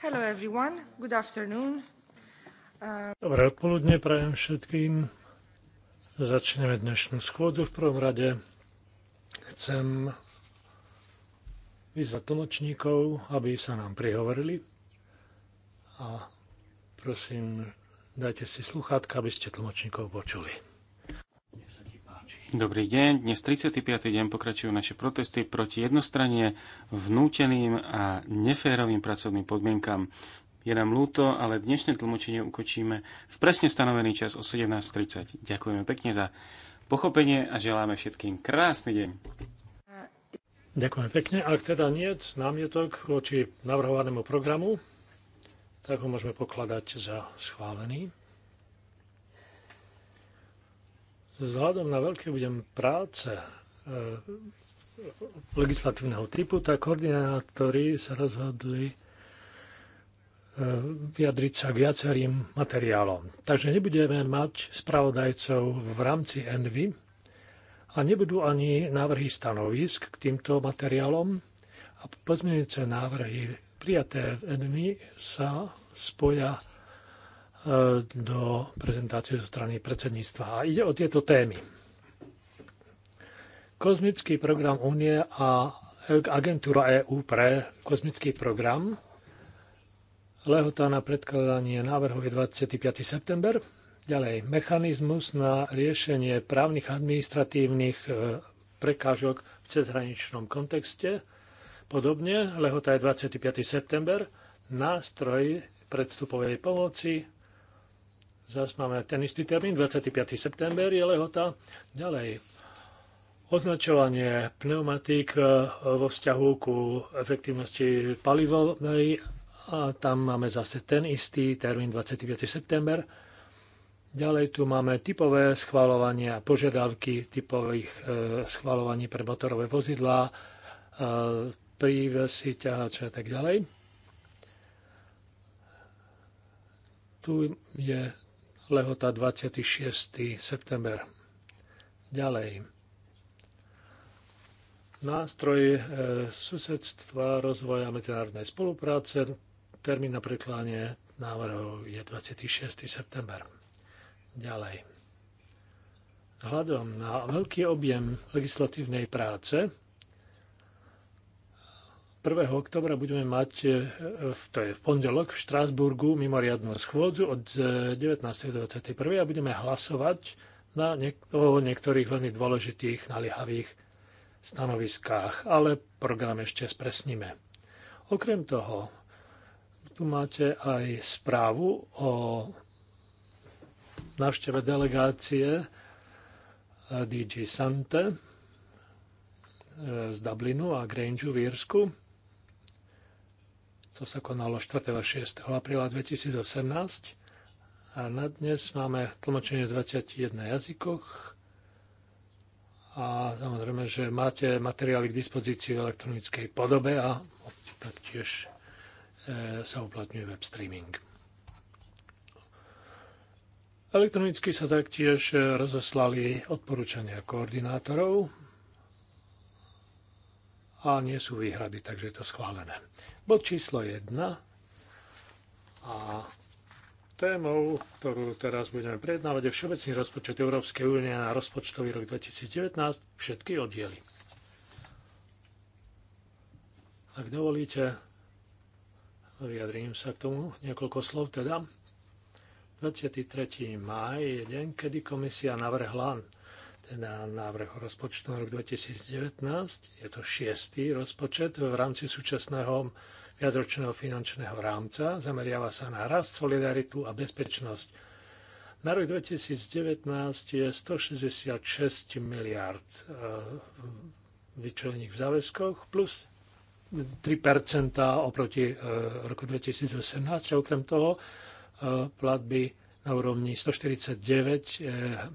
Hello everyone, good afternoon. Uh, Dobré odpoludne prajem všetkým. Začneme dnešnú schôdzu. V prvom rade chcem vyzvať tlmočníkov, aby sa nám prihovorili. A prosím, dajte si sluchátka, aby ste tlmočníkov počuli. Dobrý deň. Dnes 35. deň pokračujú naše protesty proti jednostranne vnúteným a neférovým pracovným podmienkam. Je nám ľúto, ale dnešné tlmočenie ukočíme v presne stanovený čas o 17.30. Ďakujeme pekne za pochopenie a želáme všetkým krásny deň. Ďakujem pekne. Ak teda nie námietok voči navrhovanému programu, tak ho môžeme pokladať za schválený. Vzhľadom na veľké budem práce e, legislatívneho typu, tak koordinátori sa rozhodli e, vyjadriť sa k viacerým materiálom. Takže nebudeme mať spravodajcov v rámci Envy a nebudú ani návrhy stanovisk k týmto materiálom a pozmeňujúce návrhy prijaté v Envy sa spoja E, do prezentácie zo strany predsedníctva. A ide o tieto témy. Kozmický program Únie a agentúra EÚ pre kozmický program. Lehota na predkladanie návrhov je 25. september. Ďalej, mechanizmus na riešenie právnych administratívnych e, prekážok v cezhraničnom kontexte. Podobne, lehota je 25. september. Nástroj predstupovej pomoci Zas máme ten istý termín, 25. september je lehota. Ďalej, označovanie pneumatík e, vo vzťahu ku efektivnosti palivovej a tam máme zase ten istý termín 25. september. Ďalej tu máme typové schvalovanie a požiadavky typových e, schvalovaní pre motorové vozidlá, e, prívesy, ťahače a tak ďalej. Tu je lehota 26. september. Ďalej. Nástroj e, susedstva rozvoja medzinárodnej spolupráce. Termín na preklanie návrhov je 26. september. Ďalej. Hľadom na veľký objem legislatívnej práce 1. oktobra budeme mať, e, to je v pondelok, v Štrásburgu mimoriadnú schôdzu od 19. E, do 21. a budeme hlasovať na niek- o niektorých veľmi dôležitých, naliehavých stanoviskách, ale program ešte spresníme. Okrem toho, tu máte aj správu o návšteve delegácie e, DG Sante z Dublinu a Grangeu v Írsku to sa konalo 4. a 6. apríla 2018 a na dnes máme tlmočenie v 21 jazykoch a samozrejme, že máte materiály k dispozícii v elektronickej podobe a taktiež e, sa uplatňuje web streaming. Elektronicky sa taktiež e, rozoslali odporúčania koordinátorov a nie sú výhrady, takže je to schválené. Bod číslo 1 a témou, ktorú teraz budeme prejednávať, je Všeobecný rozpočet Európskej únie na rozpočtový rok 2019, všetky oddiely. Ak dovolíte, vyjadrím sa k tomu niekoľko slov teda. 23. maj je deň, kedy komisia navrhla teda návrh rozpočtu na rok 2019. Je to šiestý rozpočet v rámci súčasného viacročného finančného rámca. Zameriava sa na rast, solidaritu a bezpečnosť. Na rok 2019 je 166 miliard eh, vyčlených v záväzkoch plus 3 oproti eh, roku 2018 a okrem toho eh, platby na úrovni 149 eh,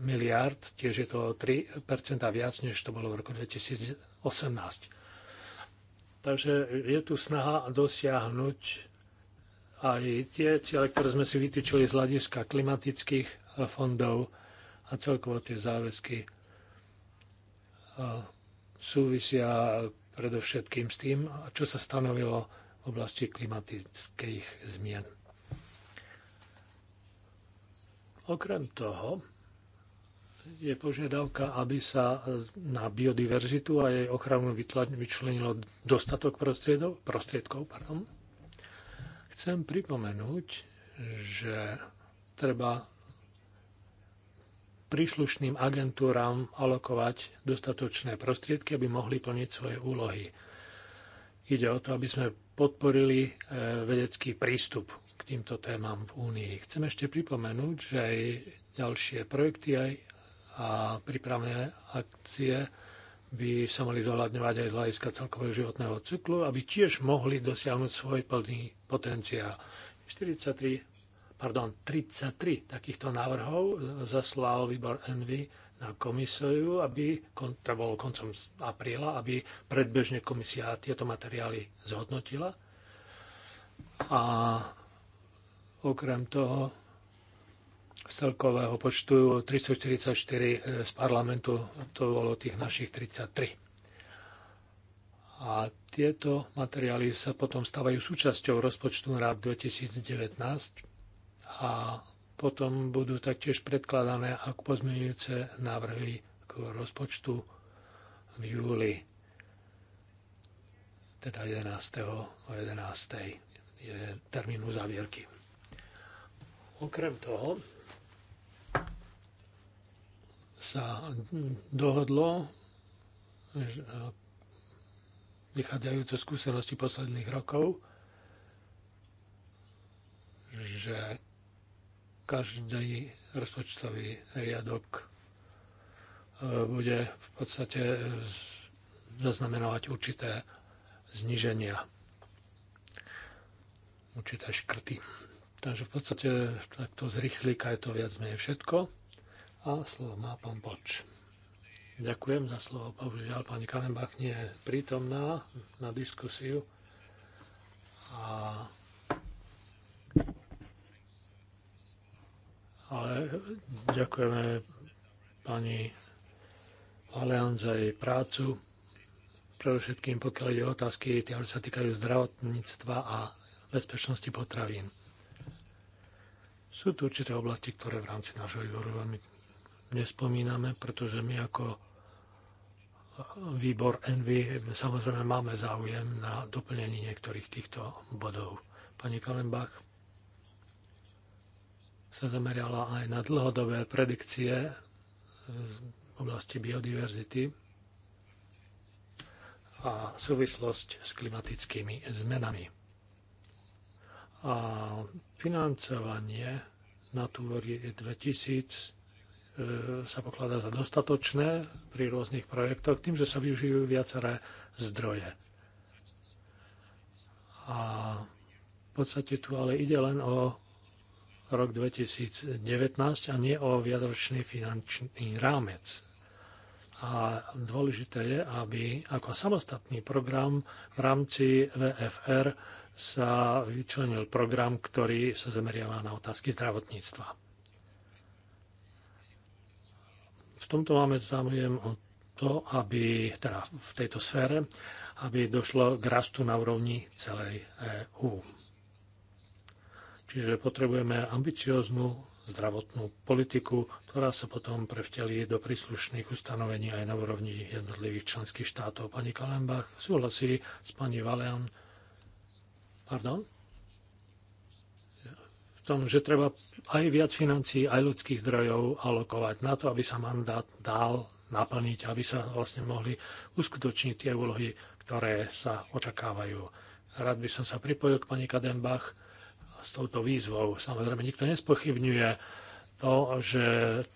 miliard, tiež je to 3 viac, než to bolo v roku 2018. Takže je tu snaha dosiahnuť aj tie ciele, ktoré sme si vytýčili z hľadiska klimatických eh, fondov a celkovo tie záväzky eh, súvisia predovšetkým s tým, čo sa stanovilo v oblasti klimatických zmien. Okrem toho je požiadavka, aby sa na biodiverzitu a jej ochranu vyčlenilo dostatok prostriedkov. Pardon. Chcem pripomenúť, že treba príslušným agentúram alokovať dostatočné prostriedky, aby mohli plniť svoje úlohy. Ide o to, aby sme podporili eh, vedecký prístup týmto témam v Únii. Chcem ešte pripomenúť, že aj ďalšie projekty aj a prípravné akcie by sa mali zohľadňovať aj z hľadiska celkového životného cyklu, aby tiež mohli dosiahnuť svoj plný potenciál. 43, pardon, 33 takýchto návrhov zaslal výbor Envy na komisiu, aby, to teda bolo koncom apríla, aby predbežne komisia tieto materiály zhodnotila. A Okrem toho z celkového počtu 344 e, z parlamentu to bolo tých našich 33. A tieto materiály sa potom stávajú súčasťou rozpočtu na 2019 a potom budú taktiež predkladané ako pozmeňujúce návrhy k rozpočtu v júli, teda 11. o 11. je termín uzavierky. Okrem toho sa dohodlo, vychádzajúce skúsenosti posledných rokov, že každý rozpočtový riadok e, bude v podstate zaznamenávať určité zniženia, určité škrty. Takže v podstate takto zrychlíka je to viac menej všetko. A slovo má pán Poč. Ďakujem za slovo. Bohužiaľ, pani Kalenbach nie je prítomná na diskusiu. A... Ale ďakujeme pani Alean za jej prácu. Pre všetkým, pokiaľ ide otázky, tie sa týkajú zdravotníctva a bezpečnosti potravín. Sú tu určité oblasti, ktoré v rámci nášho výboru veľmi nespomíname, pretože my ako výbor Envy samozrejme máme záujem na doplnení niektorých týchto bodov. Pani Kalenbach sa zamerala aj na dlhodobé predikcie z oblasti biodiverzity a súvislosť s klimatickými zmenami a financovanie Natúry 2000 e, sa pokladá za dostatočné pri rôznych projektoch tým, že sa využijú viaceré zdroje. A v podstate tu ale ide len o rok 2019 a nie o viadočný finančný rámec. A dôležité je, aby ako samostatný program v rámci VFR sa vyčlenil program, ktorý sa zameriava na otázky zdravotníctva. V tomto máme záujem o to, aby teda v tejto sfére, aby došlo k rastu na úrovni celej EÚ. Čiže potrebujeme ambicióznu zdravotnú politiku, ktorá sa potom prevtelí do príslušných ustanovení aj na úrovni jednotlivých členských štátov. Pani Kalembach súhlasí s pani Valean, pardon, v tom, že treba aj viac financí, aj ľudských zdrojov alokovať na to, aby sa mandát dal naplniť, aby sa vlastne mohli uskutočniť tie úlohy, ktoré sa očakávajú. Rád by som sa pripojil k pani Kadenbach s touto výzvou. Samozrejme, nikto nespochybňuje to, že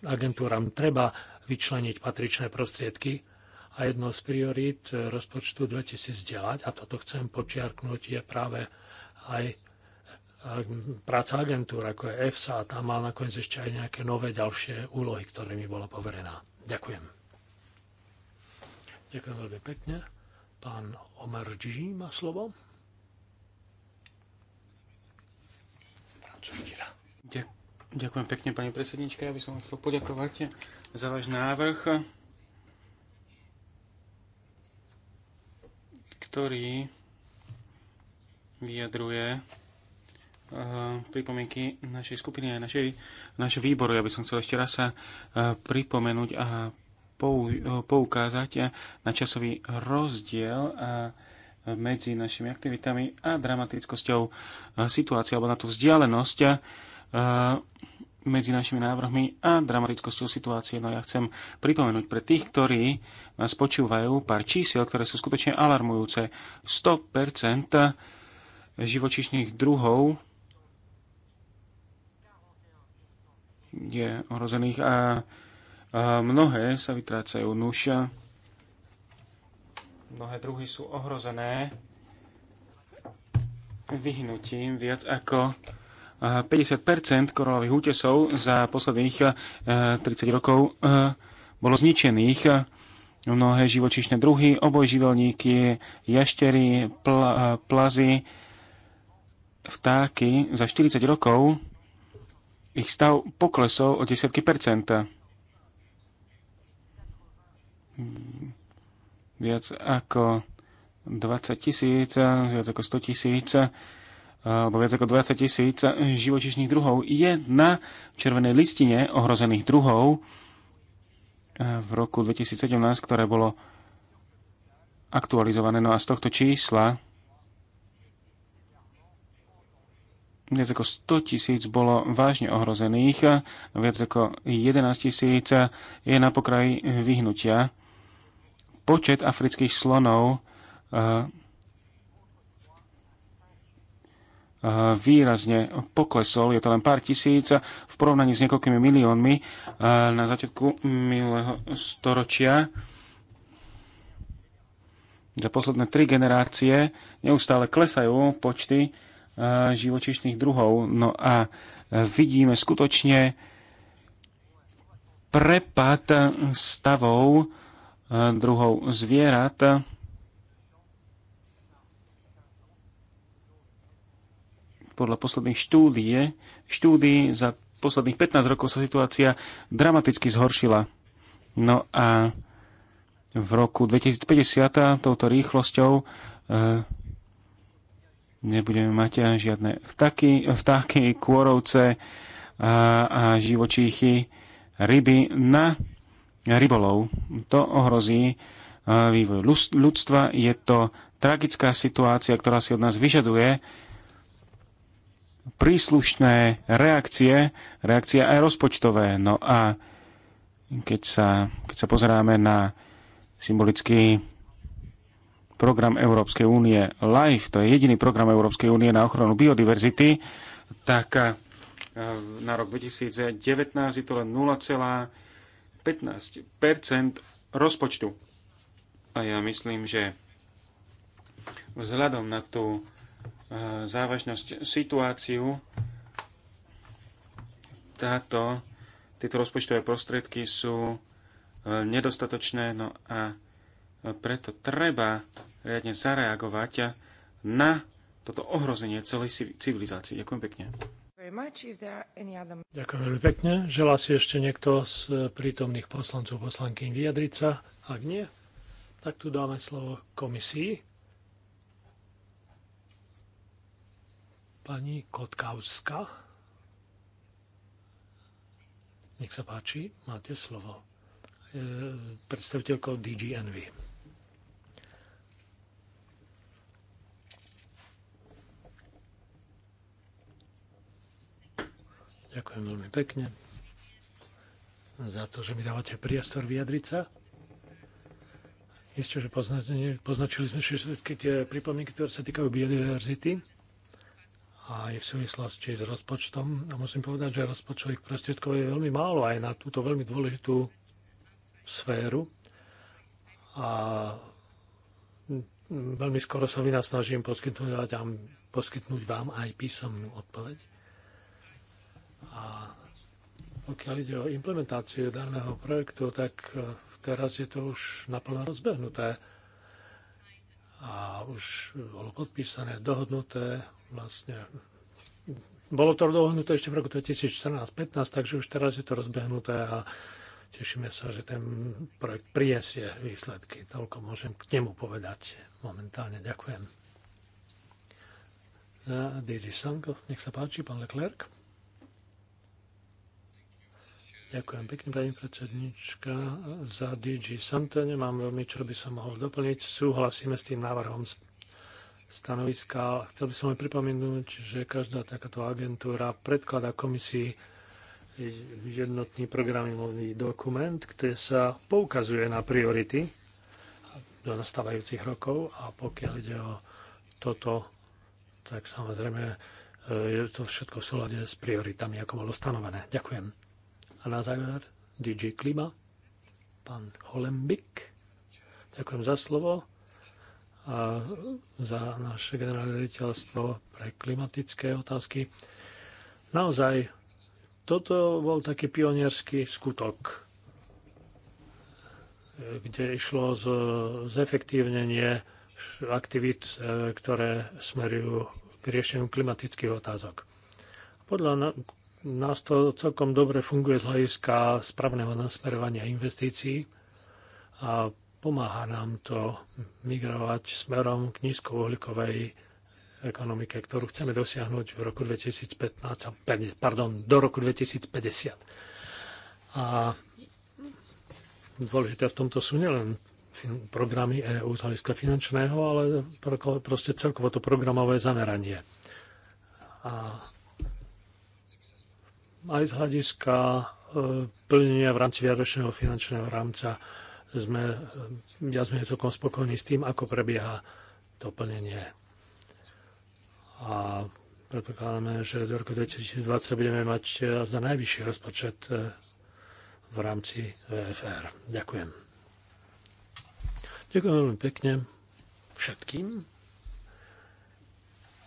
agentúram treba vyčleniť patričné prostriedky a jednou z priorít rozpočtu 2009, a toto chcem počiarknúť, je práve aj práca agentúr, ako je EFSA, a tam má nakoniec ešte aj nejaké nové ďalšie úlohy, ktoré mi bola poverená. Ďakujem. Ďakujem veľmi pekne. Pán Omar Dží má slovo. Ďakujem pekne, pani predsednička. Ja by som chcel poďakovať za váš návrh, ktorý vyjadruje eh, pripomienky našej skupiny a našej, našej výboru. Ja by som chcel ešte raz sa eh, pripomenúť a eh, poukázať na časový rozdiel medzi našimi aktivitami a dramatickosťou situácie, alebo na tú vzdialenosť medzi našimi návrhmi a dramatickosťou situácie. No ja chcem pripomenúť pre tých, ktorí nás počúvajú pár čísiel, ktoré sú skutočne alarmujúce. 100 živočišných druhov je ohrozených a, a mnohé sa vytrácajú nuša. Mnohé druhy sú ohrozené vyhnutím viac ako 50 korolových útesov za posledných 30 rokov bolo zničených mnohé živočišné druhy, obojživelníky, jaštery, pl- plazy, vtáky za 40 rokov ich stav poklesol o desiatky percent. Viac ako 20 tisíc, viac ako 100 tisíc, alebo viac ako 20 tisíc živočišných druhov je na červenej listine ohrozených druhov v roku 2017, ktoré bolo aktualizované. No a z tohto čísla viac ako 100 tisíc bolo vážne ohrozených, viac ako 11 tisíc je na pokraji vyhnutia. Počet afrických slonov eh, eh, výrazne poklesol, je to len pár tisíc v porovnaní s niekoľkými miliónmi eh, na začiatku minulého storočia. Za posledné tri generácie neustále klesajú počty Eh, živočišných druhov. No a vidíme skutočne prepad stavov eh, druhov zvierat. Podľa posledných štúdie, štúdií za posledných 15 rokov sa situácia dramaticky zhoršila. No a v roku 2050 touto rýchlosťou eh, nebudeme mať eh, žiadne vtaky, vtáky, kôrovce a, eh, a živočíchy, ryby na rybolov. To ohrozí eh, vývoj ľudstva. Je to tragická situácia, ktorá si od nás vyžaduje príslušné reakcie, reakcie aj rozpočtové. No a keď sa, keď sa pozeráme na symbolický program Európskej únie LIFE, to je jediný program Európskej únie na ochranu biodiverzity, tak eh, na rok 2019 je to len 0,15 rozpočtu. A ja myslím, že vzhľadom na tú eh, závažnosť situáciu táto, tieto rozpočtové prostriedky sú eh, nedostatočné. No a preto treba riadne zareagovať na toto ohrozenie celej civilizácie. Ďakujem pekne. Ďakujem veľmi pekne. Želá si ešte niekto z e, prítomných poslancov poslankyň vyjadriť sa? Ak nie, tak tu dáme slovo komisii. Pani Kotkauska. Nech sa páči, máte slovo. E, Predstaviteľko DGNV. Ďakujem veľmi pekne za to, že mi dávate priestor vyjadriť sa. Ešte, že poznačili sme všetky tie pripomienky, ktoré sa týkajú biodiverzity a aj v súvislosti s rozpočtom. A musím povedať, že rozpočtových prostriedkov je veľmi málo aj na túto veľmi dôležitú sféru. A veľmi skoro sa vynasnažím poskytnúť, poskytnúť vám aj písomnú odpoveď. A pokiaľ ide o implementáciu daného projektu, tak e, teraz je to už naplno rozbehnuté a už bolo podpísané, dohodnuté vlastne. Bolo to dohodnuté ešte v roku 2014-15, takže už teraz je to rozbehnuté a tešíme sa, že ten projekt prinesie výsledky. Toľko môžem k nemu povedať momentálne. Ďakujem. Za DJ Sanko, nech sa páči, pán Leclerc. Ďakujem pekne, pani predsednička. Za DG Sante nemám veľmi, čo by som mohol doplniť. Súhlasíme s tým návrhom stanoviska. Chcel by som aj pripomenúť, že každá takáto agentúra predkladá komisii jednotný programový dokument, ktorý sa poukazuje na priority do nastávajúcich rokov a pokiaľ ide o toto, tak samozrejme e, je to všetko v súlade s prioritami, ako bolo stanovené. Ďakujem na záver DJ Klima, pán Holembik. Ďakujem za slovo a za naše generálne riaditeľstvo pre klimatické otázky. Naozaj, toto bol taký pionierský skutok, kde išlo z zefektívnenie aktivít, e, ktoré smerujú k riešeniu klimatických otázok. Podľa nás to celkom dobre funguje z hľadiska správneho nasmerovania investícií a pomáha nám to migrovať smerom k nízkouhlíkovej ekonomike, ktorú chceme dosiahnuť v roku 2015, pardon, do roku 2050. A dôležité v tomto sú nielen programy EU z hľadiska finančného, ale proste celkovo to programové zameranie. A aj z hľadiska e, plnenia v rámci viadočného finančného rámca sme viac e, menej celkom spokojní s tým, ako prebieha to plnenie. A predpokladáme, že do roku 2020 budeme mať e, za najvyšší rozpočet v rámci VFR. Ďakujem. Ďakujem veľmi pekne všetkým.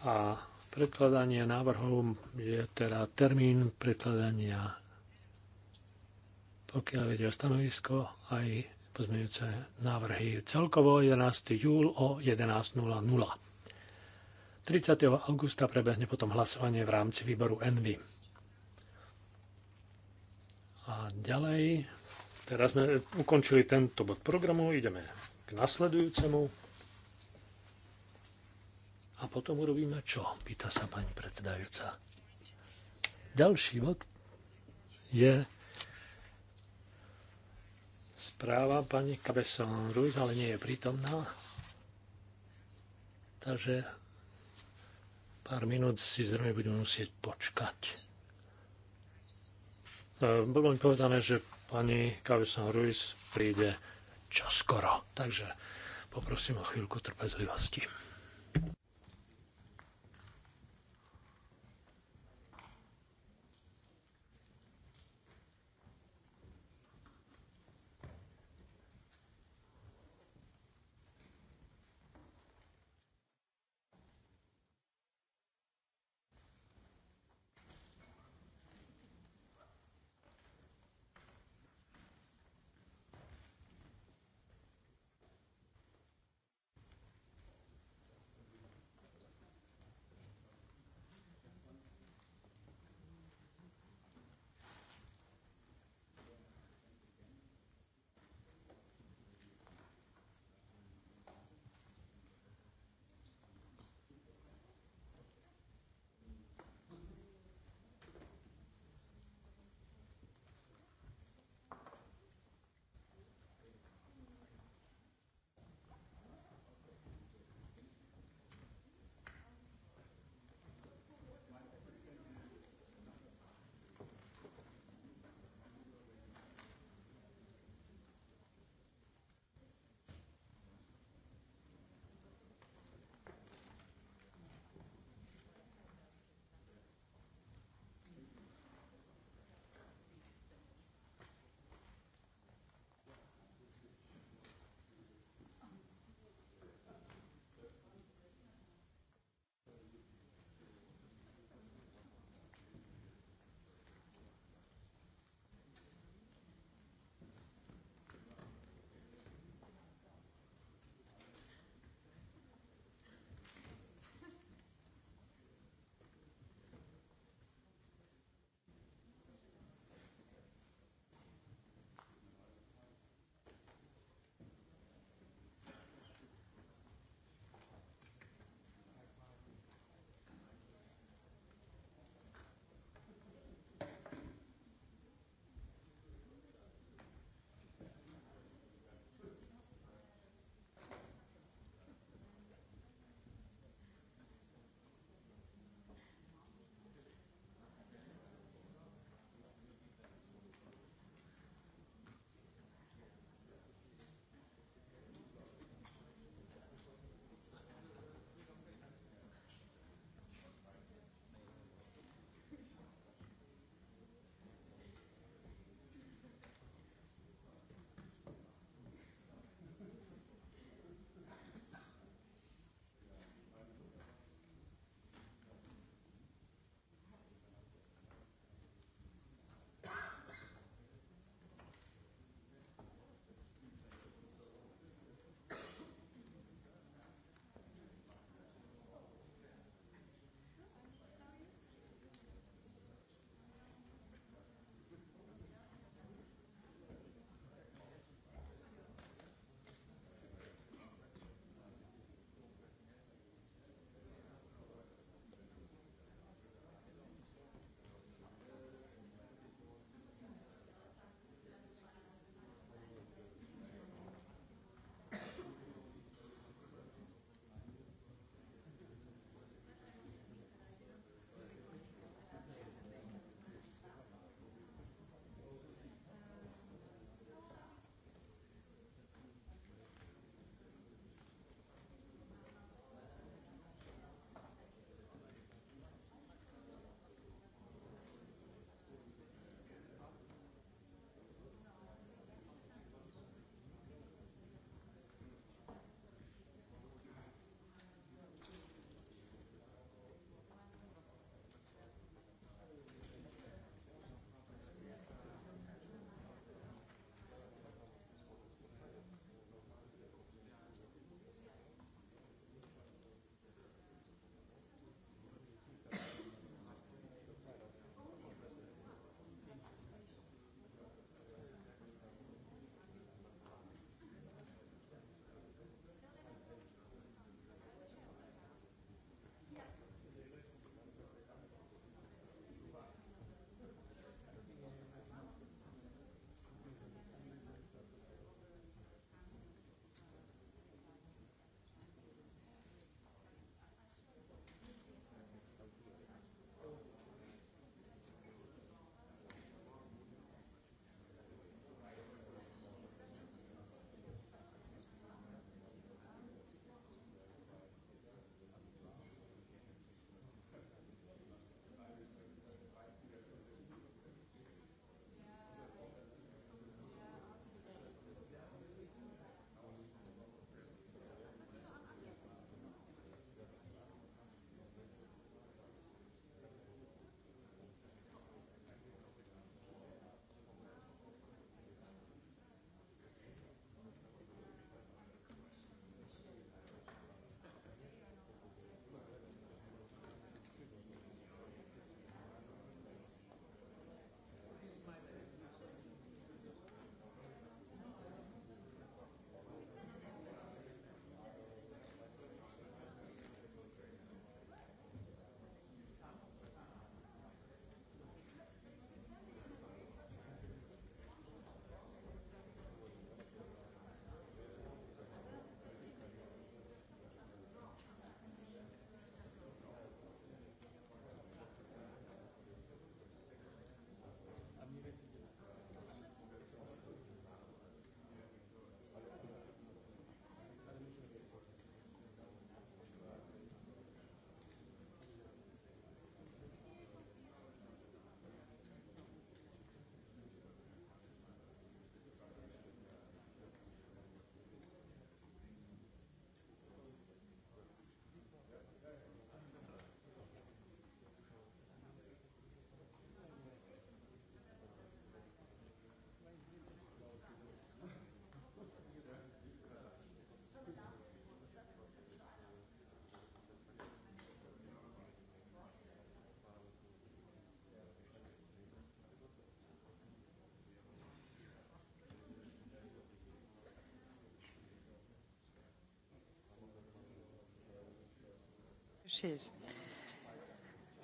A Predkladanie návrhov je teda termín predkladania, pokiaľ ide o stanovisko, aj pozmeňujúce návrhy. Celkovo 11. júl o 11.00. 30. augusta prebehne potom hlasovanie v rámci výboru Envy. A ďalej, teraz sme ukončili tento bod programu, ideme k nasledujúcemu. A potom urobíme čo? Pýta sa pani predsedajúca. Ďalší bod je správa pani Cabezon Ruiz, ale nie je prítomná. Takže pár minút si zrejme budeme musieť počkať. E, bolo mi povedané, že pani Cabezon Ruiz príde čoskoro, takže poprosím o chvíľku trpezlivosti.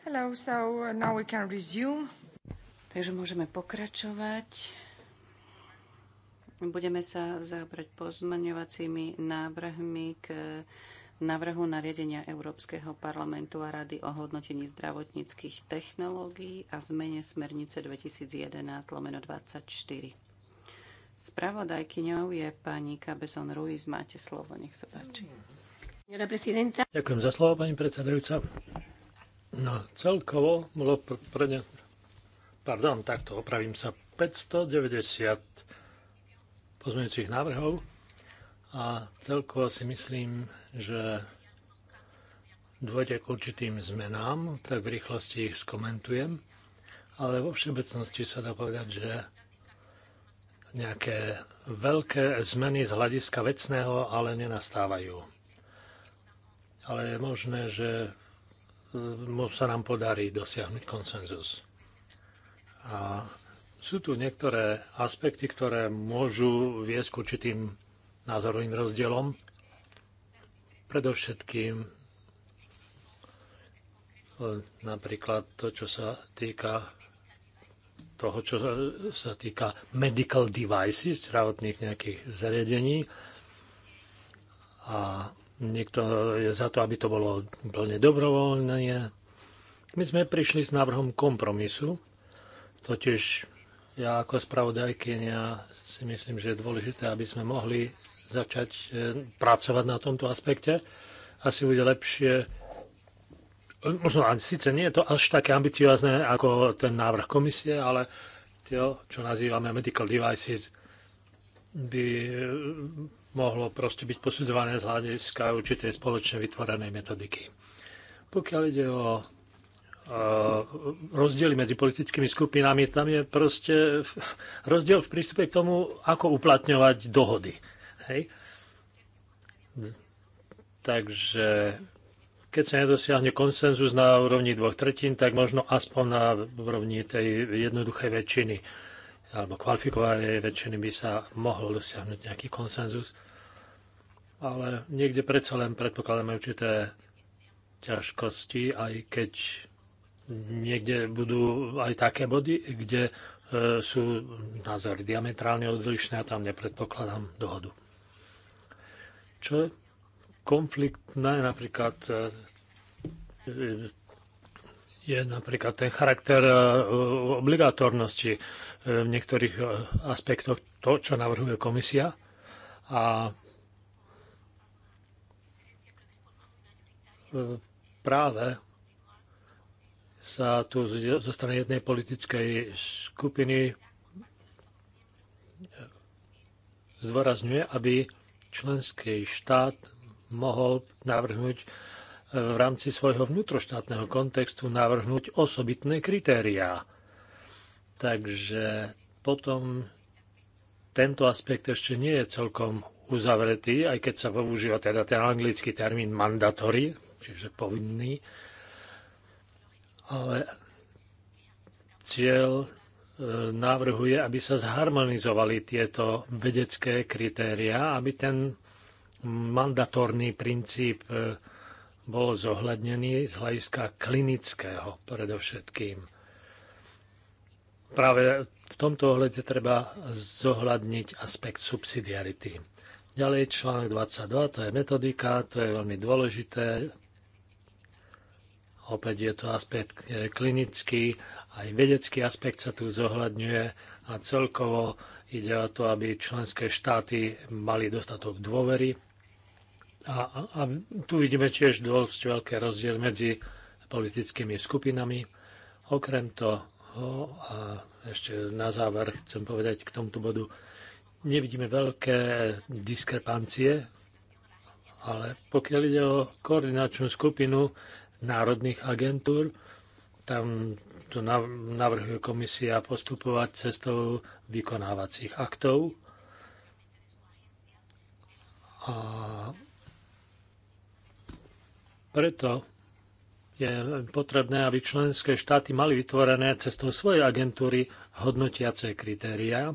Hello, so uh, now we can resume. Takže môžeme pokračovať. Budeme sa zaobrať pozmaňovacími návrhmi k návrhu nariadenia Európskeho parlamentu a Rady o hodnotení zdravotníckých technológií a zmene smernice 2011-24. lomeno Spravodajkyňou je pani Cabezon Ruiz. Máte slovo, nech sa páči. Mm. Ďakujem za slovo, pani predsedajúca. No, celkovo bolo pre pardon, takto opravím sa, 590 pozmeňujúcich návrhov a celkovo si myslím, že dôjde k určitým zmenám, tak v rýchlosti ich skomentujem, ale vo všeobecnosti sa dá povedať, že nejaké veľké zmeny z hľadiska vecného ale nenastávajú ale je možné, že e, sa nám podarí dosiahnuť konsenzus. A sú tu niektoré aspekty, ktoré môžu viesť k určitým názorovým rozdielom. Predovšetkým e, napríklad to, čo sa týka toho, čo sa týka medical devices, zdravotných nejakých zariadení. A Niekto je za to, aby to bolo plne dobrovoľné. My sme prišli s návrhom kompromisu, totiž ja ako spravodajkynia si myslím, že je dôležité, aby sme mohli začať e, pracovať na tomto aspekte. Asi bude lepšie, e, možno síce nie je to až také ambiciozne ako ten návrh komisie, ale to, čo nazývame medical devices, by e, mohlo proste byť posudzované z hľadiska určitej spoločne vytvorenej metodiky. Pokiaľ ide o e, rozdiely medzi politickými skupinami, tam je proste rozdiel v prístupe k tomu, ako uplatňovať dohody. Hej? Takže keď sa nedosiahne konsenzus na úrovni dvoch tretín, tak možno aspoň na úrovni tej jednoduchej väčšiny alebo kvalifikovanej väčšiny by sa mohol dosiahnuť nejaký konsenzus ale niekde predsa len predpokladáme určité ťažkosti, aj keď niekde budú aj také body, kde e, sú názory diametrálne odlišné a tam nepredpokladám dohodu. Čo je konfliktné napríklad e, e, je napríklad ten charakter obligatornosti v niektorých aspektoch to, čo navrhuje komisia a práve sa tu zo strany jednej politickej skupiny zvorazňuje, aby členský štát mohol navrhnúť v rámci svojho vnútroštátneho kontextu navrhnúť osobitné kritériá. Takže potom tento aspekt ešte nie je celkom uzavretý, aj keď sa používa teda ten anglický termín mandatory, čiže povinný. Ale cieľ e, návrhuje, aby sa zharmonizovali tieto vedecké kritéria, aby ten mandatórny princíp e, bol zohľadnený z hľadiska klinického predovšetkým. Práve v tomto ohľade treba zohľadniť aspekt subsidiarity. Ďalej článok 22, to je metodika, to je veľmi dôležité Opäť je to aspekt e, klinický, aj vedecký aspekt sa tu zohľadňuje a celkovo ide o to, aby členské štáty mali dostatok dôvery. A, a tu vidíme tiež dosť veľký rozdiel medzi politickými skupinami. Okrem toho, a ešte na záver chcem povedať k tomuto bodu, nevidíme veľké diskrepancie. ale pokiaľ ide o koordinačnú skupinu, národných agentúr. Tam to navrhuje komisia postupovať cestou vykonávacích aktov. A preto je potrebné, aby členské štáty mali vytvorené cestou svojej agentúry hodnotiace kritériá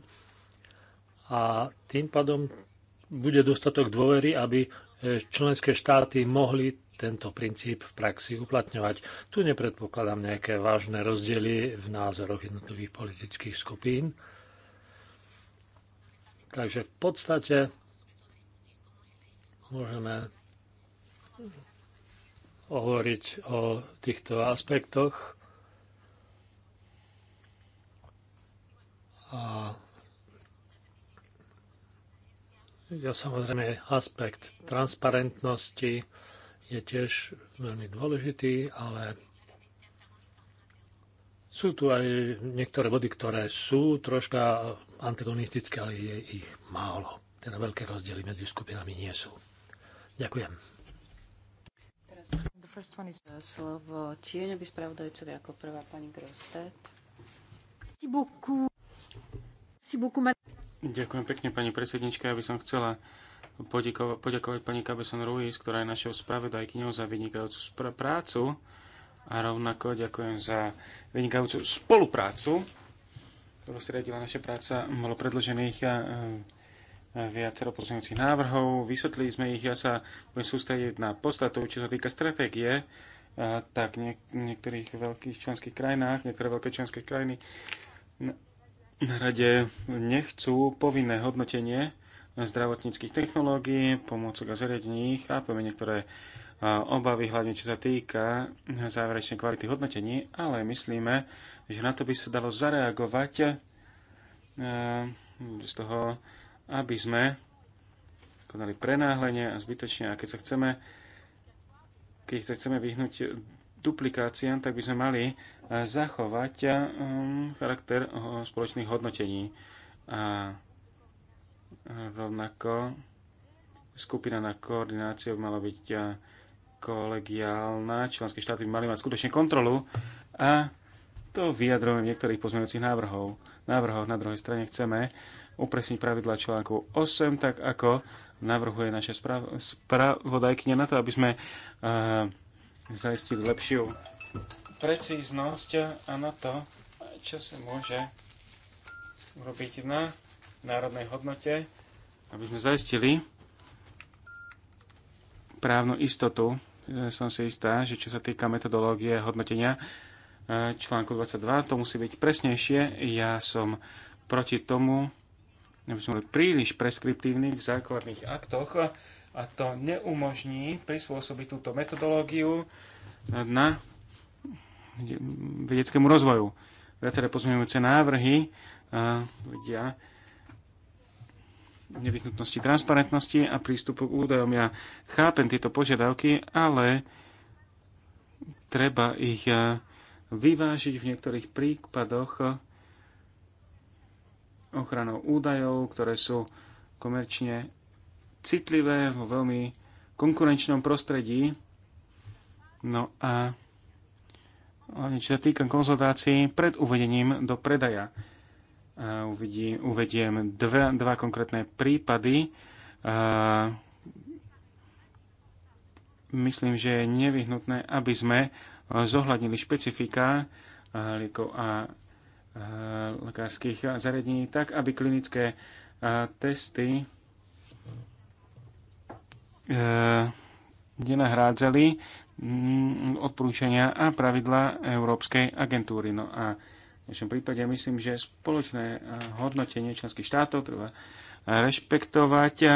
a tým pádom bude dostatok dôvery, aby členské štáty mohli tento princíp v praxi uplatňovať. Tu nepredpokladám nejaké vážne rozdiely v názoroch jednotlivých politických skupín. Takže v podstate môžeme hovoriť o týchto aspektoch. A ja samozrejme aspekt transparentnosti, je tiež veľmi dôležitý, ale sú tu aj niektoré vody, ktoré sú troška antagonistické, ale je ich málo. Teda veľké rozdiely medzi skupinami nie sú. Ďakujem. First one is... Slovo tieňovi spravodajcovi ako prvá pani Grostet. Ďakujem pekne, pani predsednička. Ja by som chcela poďakovať pani Kabeson Ruiz, ktorá je našou spravodajkyňou za vynikajúcu spra- prácu a rovnako ďakujem za vynikajúcu spoluprácu, ktorú si radila naša práca. Bolo predložených e, e, viacero pozmeňujúcich návrhov, vysvetlili sme ich, ja sa budem sústrediť na postatu, čo sa týka stratégie, e, tak v niektorých veľkých členských krajinách, niektoré veľké členské krajiny na rade nechcú povinné hodnotenie zdravotníckých technológií, pomôcok a zariadení. Chápeme niektoré obavy, hlavne čo sa týka záverečnej kvality hodnotení, ale myslíme, že na to by sa dalo zareagovať z toho, aby sme konali prenáhlenie a zbytočne. A keď sa chceme, keď sa chceme vyhnúť duplikáciám, tak by sme mali zachovať um, charakter spoločných hodnotení. Rovnako skupina na koordináciu mala byť kolegiálna. Členské štáty by mali mať skutočne kontrolu a to vyjadrujeme v niektorých pozmeňujúcich návrhov. Návrhoch na druhej strane chceme upresniť pravidla článku 8, tak ako navrhuje naša sprav- spravodajkňa na to, aby sme uh, zaistili lepšiu precíznosť a na to, čo sa môže urobiť na národnej hodnote, aby sme zaistili právnu istotu. E, som si istá, že čo sa týka metodológie hodnotenia e, článku 22, to musí byť presnejšie. Ja som proti tomu, aby sme boli príliš preskriptívni v základných aktoch a to neumožní prispôsobiť túto metodológiu e, na vedeckému rozvoju. Viaceré pozmeňujúce návrhy uh, nevyhnutnosti transparentnosti a prístupu k údajom. Ja chápem tieto požiadavky, ale treba ich eh, vyvážiť v niektorých prípadoch eh, ochranou údajov, ktoré sú komerčne citlivé vo veľmi konkurenčnom prostredí. No a hlavne čo sa týka konzultácií pred uvedením do predaja uvediem dva, dva konkrétne prípady. Myslím, že je nevyhnutné, aby sme zohľadnili špecifika liekov a lekárskych zariadení tak, aby klinické testy nenahrádzali odporúčania a pravidla Európskej agentúry. No a našom prípade myslím, že spoločné eh, hodnotenie členských štátov treba eh, rešpektovať eh,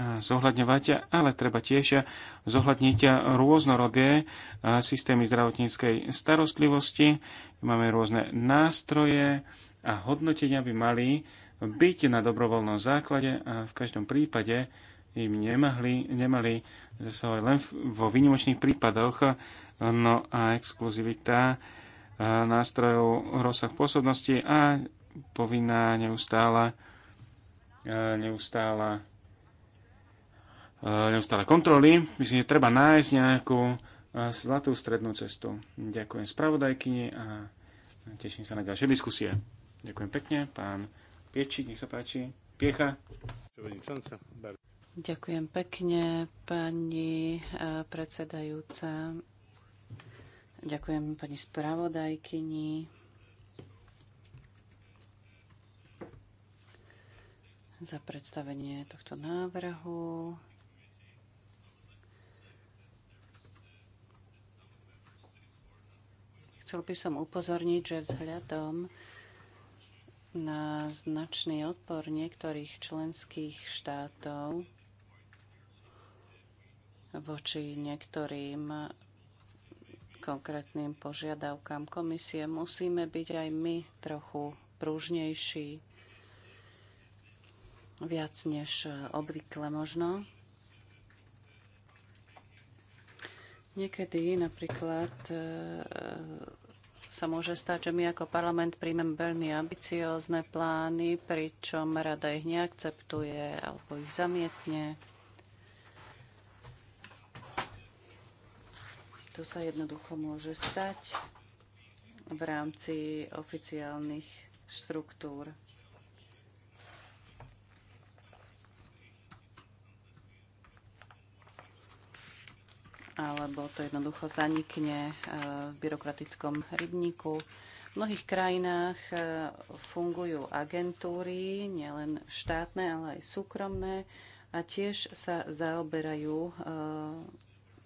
zohľadňovať, ale treba tiež zohľadniť rôznorodé systémy zdravotníckej starostlivosti. Máme rôzne nástroje a hodnotenia by mali byť na dobrovoľnom základe a v každom prípade im nemali, nemali zase len vo výnimočných prípadoch. No a exkluzivita nástrojov, rozsah pôsobnosti a povinná neustála, neustála neustále kontroly. Myslím, že treba nájsť nejakú zlatú strednú cestu. Ďakujem spravodajkyni a teším sa na ďalšie diskusie. Ďakujem pekne, pán Piečik, nech sa páči. Piecha. Ďakujem pekne, pani predsedajúca. Ďakujem pani spravodajkyni. za predstavenie tohto návrhu. Chcel by som upozorniť, že vzhľadom na značný odpor niektorých členských štátov voči niektorým konkrétnym požiadavkám komisie. Musíme byť aj my trochu prúžnejší, viac než obvykle možno. Niekedy napríklad e, sa môže stať, že my ako parlament príjmeme veľmi ambiciózne plány, pričom rada ich neakceptuje alebo ich zamietne. To sa jednoducho môže stať v rámci oficiálnych štruktúr. alebo to jednoducho zanikne e, v byrokratickom rybníku. V mnohých krajinách e, fungujú agentúry, nielen štátne, ale aj súkromné, a tiež sa zaoberajú e,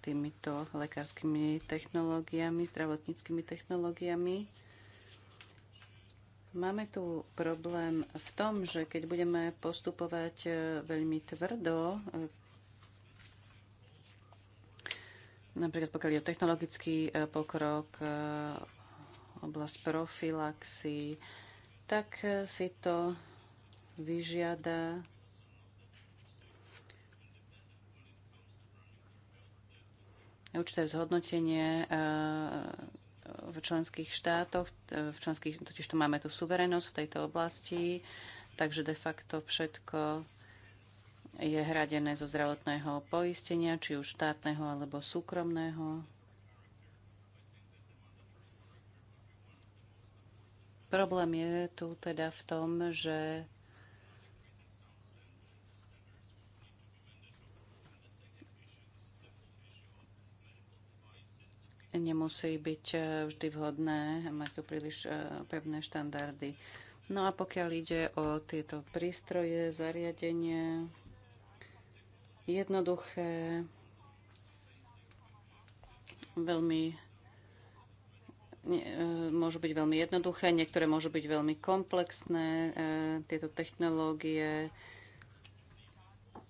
týmito lekárskymi technológiami, zdravotníckými technológiami. Máme tu problém v tom, že keď budeme postupovať e, veľmi tvrdo, e, napríklad pokiaľ je technologický e, pokrok, oblasť profilaxii, tak si to vyžiada je určité zhodnotenie e, v členských štátoch, e, v členských, totiž tu máme tú suverenosť v tejto oblasti, takže de facto všetko je hradené zo zdravotného poistenia, či už štátneho alebo súkromného. Problém je tu teda v tom, že nemusí byť e, vždy vhodné mať tu príliš e, pevné štandardy. No a pokiaľ ide o tieto prístroje, zariadenie, jednoduché, veľmi e, môžu byť veľmi jednoduché, niektoré môžu byť veľmi komplexné, tieto technológie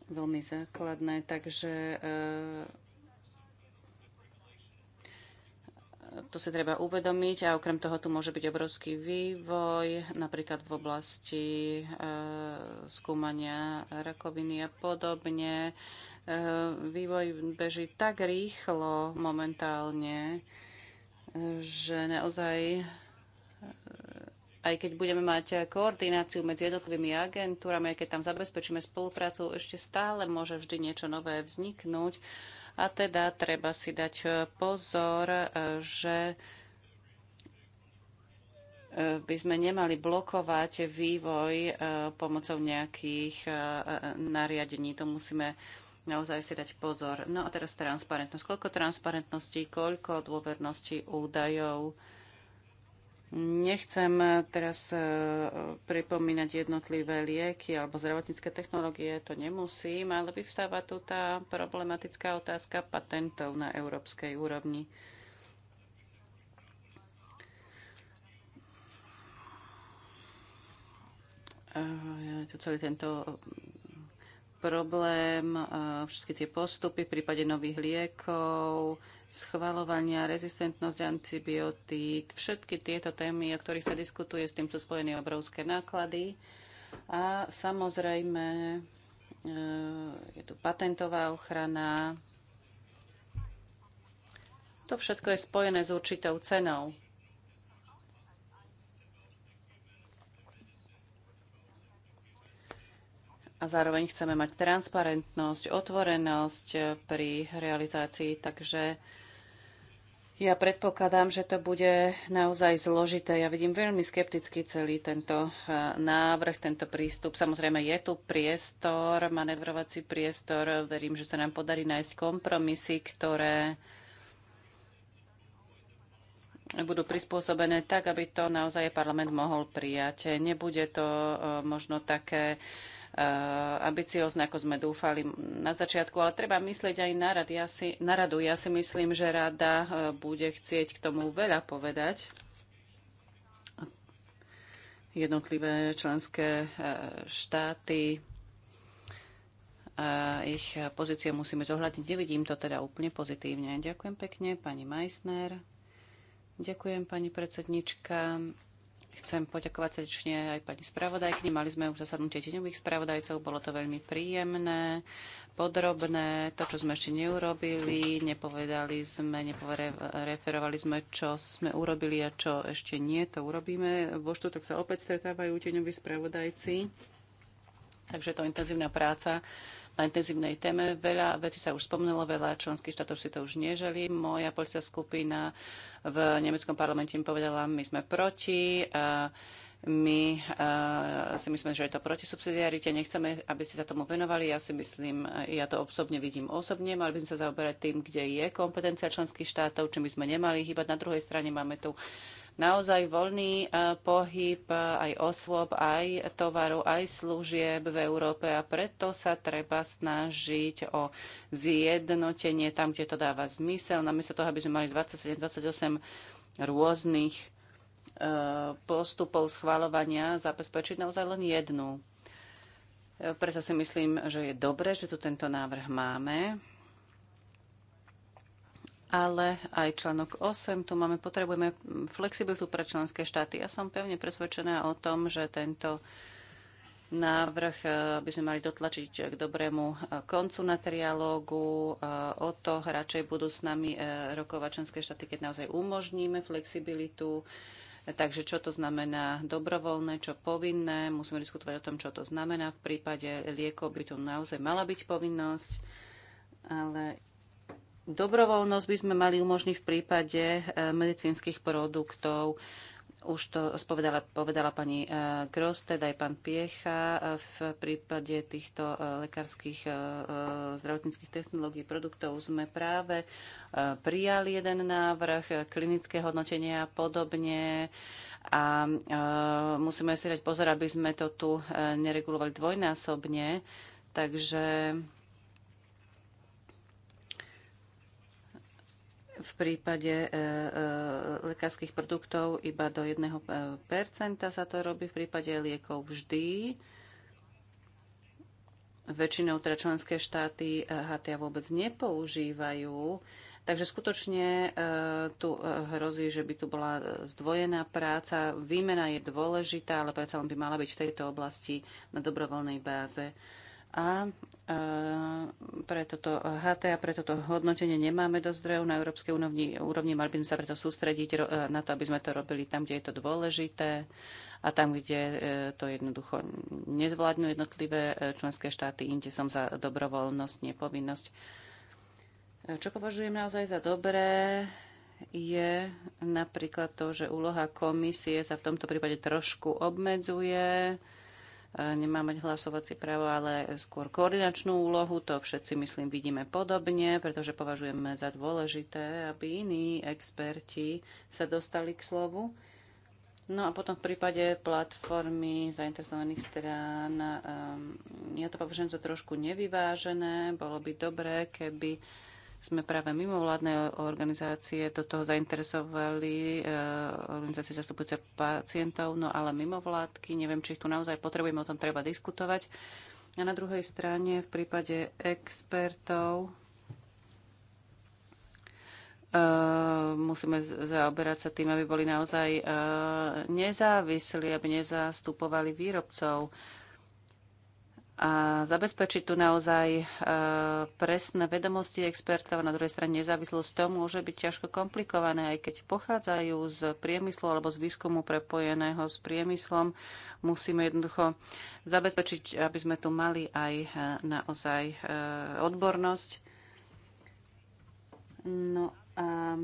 veľmi základné, takže to si treba uvedomiť a okrem toho tu môže byť obrovský vývoj, napríklad v oblasti e, skúmania rakoviny a podobne. E, vývoj beží tak rýchlo momentálne, e, že naozaj e, aj keď budeme mať koordináciu medzi jednotlivými agentúrami, aj keď tam zabezpečíme spoluprácu, ešte stále môže vždy niečo nové vzniknúť a teda treba si dať e, pozor, e, že e, by sme nemali blokovať vývoj pomocou nejakých nariadení. To musíme naozaj si dať pozor. No a teraz transparentnosť. Koľko transparentnosti, koľko dôvernosti údajov Nechcem eh, teraz eh, pripomínať jednotlivé lieky alebo zdravotnícke technológie, to nemusím, ale vyvstáva tu tá problematická otázka patentov na európskej úrovni. Eh, tu celý tento problém, e, všetky tie postupy v prípade nových liekov, schvalovania, rezistentnosť antibiotík, všetky tieto témy, o ktorých sa diskutuje, s tým sú spojené obrovské náklady. A samozrejme e, je tu patentová ochrana. To všetko je spojené s určitou cenou. a zároveň chceme mať transparentnosť, otvorenosť eh, pri realizácii, takže ja predpokladám, že to bude naozaj zložité. Ja vidím veľmi skepticky celý tento eh, návrh, tento prístup. Samozrejme, je tu priestor, manevrovací priestor. Verím, že sa nám podarí nájsť kompromisy, ktoré budú prispôsobené tak, aby to naozaj parlament mohol prijať. Nebude to eh, možno také Eh, ambiciózne, ako sme dúfali na začiatku, ale treba myslieť aj na, rad. Ja si, na radu. Ja si myslím, že rada eh, bude chcieť k tomu veľa povedať. Jednotlivé členské eh, štáty a ich pozície musíme zohľadniť. Nevidím to teda úplne pozitívne. Ďakujem pekne, pani Meissner. Ďakujem, pani predsednička. Chcem poďakovať srdečne aj pani spravodajkyni. Mali sme už zasadnutie tieňových spravodajcov, bolo to veľmi príjemné, podrobné, to, čo sme ešte neurobili, nepovedali sme, nereferovali sme, čo sme urobili a čo ešte nie, to urobíme. Vo štútok sa opäť stretávajú tieňoví spravodajci, takže to intenzívna práca na intenzívnej téme. Veľa vecí sa už spomnelo, veľa členských štátov si to už nežali. Moja politická skupina v nemeckom parlamente mi povedala, my sme proti. A my uh, si myslíme, že je to proti subsidiarite, nechceme, aby ste sa tomu venovali. Ja si myslím, ja to osobne vidím osobne, mali by sme sa zaoberať tým, kde je kompetencia členských štátov, či by sme nemali hýbať. Na druhej strane máme tu naozaj voľný e, pohyb e, aj osôb, aj tovaru, aj služieb v Európe a preto sa treba snažiť o zjednotenie tam, kde to dáva zmysel, namiesto toho, aby sme mali 27-28 rôznych e, postupov schvalovania zabezpečiť naozaj len jednu. Preto si myslím, že je dobré, že tu tento návrh máme ale aj článok 8. Tu máme, potrebujeme flexibilitu pre členské štáty. Ja som pevne presvedčená o tom, že tento návrh e, by sme mali dotlačiť k dobrému e, koncu na trialógu. E, o to radšej budú s nami rokovať členské štáty, keď naozaj umožníme flexibilitu. Takže čo to znamená dobrovoľné, čo povinné. Musíme diskutovať o tom, čo to znamená. V prípade liekov by to naozaj mala byť povinnosť, ale Dobrovoľnosť by sme mali umožniť v prípade e, medicínskych produktov. Už to spovedala, povedala pani e, Gross, teda aj pán Piecha. E, v prípade týchto lekárskych zdravotníckých technológií produktov sme práve prijali jeden návrh, klinické hodnotenia a podobne. A musíme si dať pozor, aby sme to tu neregulovali dvojnásobne. Takže v prípade e, e, lekárskych produktov iba do 1% e, sa to robí, v prípade liekov vždy. Väčšinou teda členské štáty HTA vôbec nepoužívajú. Takže skutočne tu hrozí, že by tu bola zdvojená práca. Výmena je dôležitá, ale predsa len by mala byť v tejto oblasti na dobrovoľnej báze. A e, pre toto HT a pre toto hodnotenie nemáme dosť zdrojov na európskej úrovni. úrovni mali by sme sa preto sústrediť e, na to, aby sme to robili tam, kde je to dôležité a tam, kde e, to jednoducho nezvládnu jednotlivé členské štáty. Inde som za dobrovoľnosť, nepovinnosť. Čo považujem naozaj za dobré, je napríklad to, že úloha komisie sa v tomto prípade trošku obmedzuje nemá mať hlasovací právo, ale skôr koordinačnú úlohu. To všetci, myslím, vidíme podobne, pretože považujeme za dôležité, aby iní experti sa dostali k slovu. No a potom v prípade platformy zainteresovaných strán, um, ja to považujem za trošku nevyvážené. Bolo by dobré, keby sme práve mimovládne organizácie do toho zainteresovali, e, organizácie zastupujúce pacientov, no ale mimovládky, neviem, či ich tu naozaj potrebujeme, o tom treba diskutovať. A na druhej strane v prípade expertov e, musíme zaoberať sa tým, aby boli naozaj e, nezávislí, aby nezastupovali výrobcov a zabezpečiť tu naozaj e, presné vedomosti expertov, na druhej strane nezávislosť, to môže byť ťažko komplikované, aj keď pochádzajú z priemyslu alebo z výskumu prepojeného s priemyslom. Musíme jednoducho zabezpečiť, aby sme tu mali aj e, naozaj e, odbornosť. No a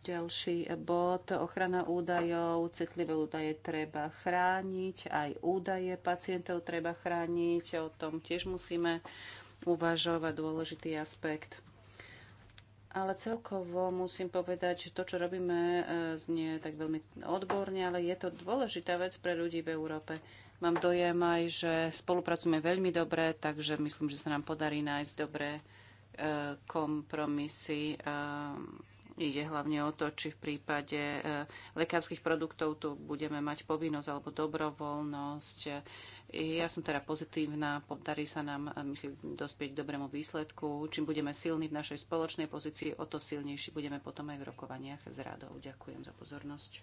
ďalší bod, ochrana údajov, citlivé údaje treba chrániť, aj údaje pacientov treba chrániť, o tom tiež musíme uvažovať, dôležitý aspekt. Ale celkovo musím povedať, že to, čo robíme, e, znie tak veľmi odborne, ale je to dôležitá vec pre ľudí v Európe. Mám dojem aj, že spolupracujeme veľmi dobre, takže myslím, že sa nám podarí nájsť dobré e, kompromisy e, Ide hlavne o to, či v prípade e, lekárskych produktov tu budeme mať povinnosť alebo dobrovoľnosť. E, ja som teda pozitívna, podarí sa nám, e, myslím, dospieť k dobrému výsledku. Čím budeme silní v našej spoločnej pozícii, o to silnejší budeme potom aj v rokovaniach s radou. Ďakujem za pozornosť.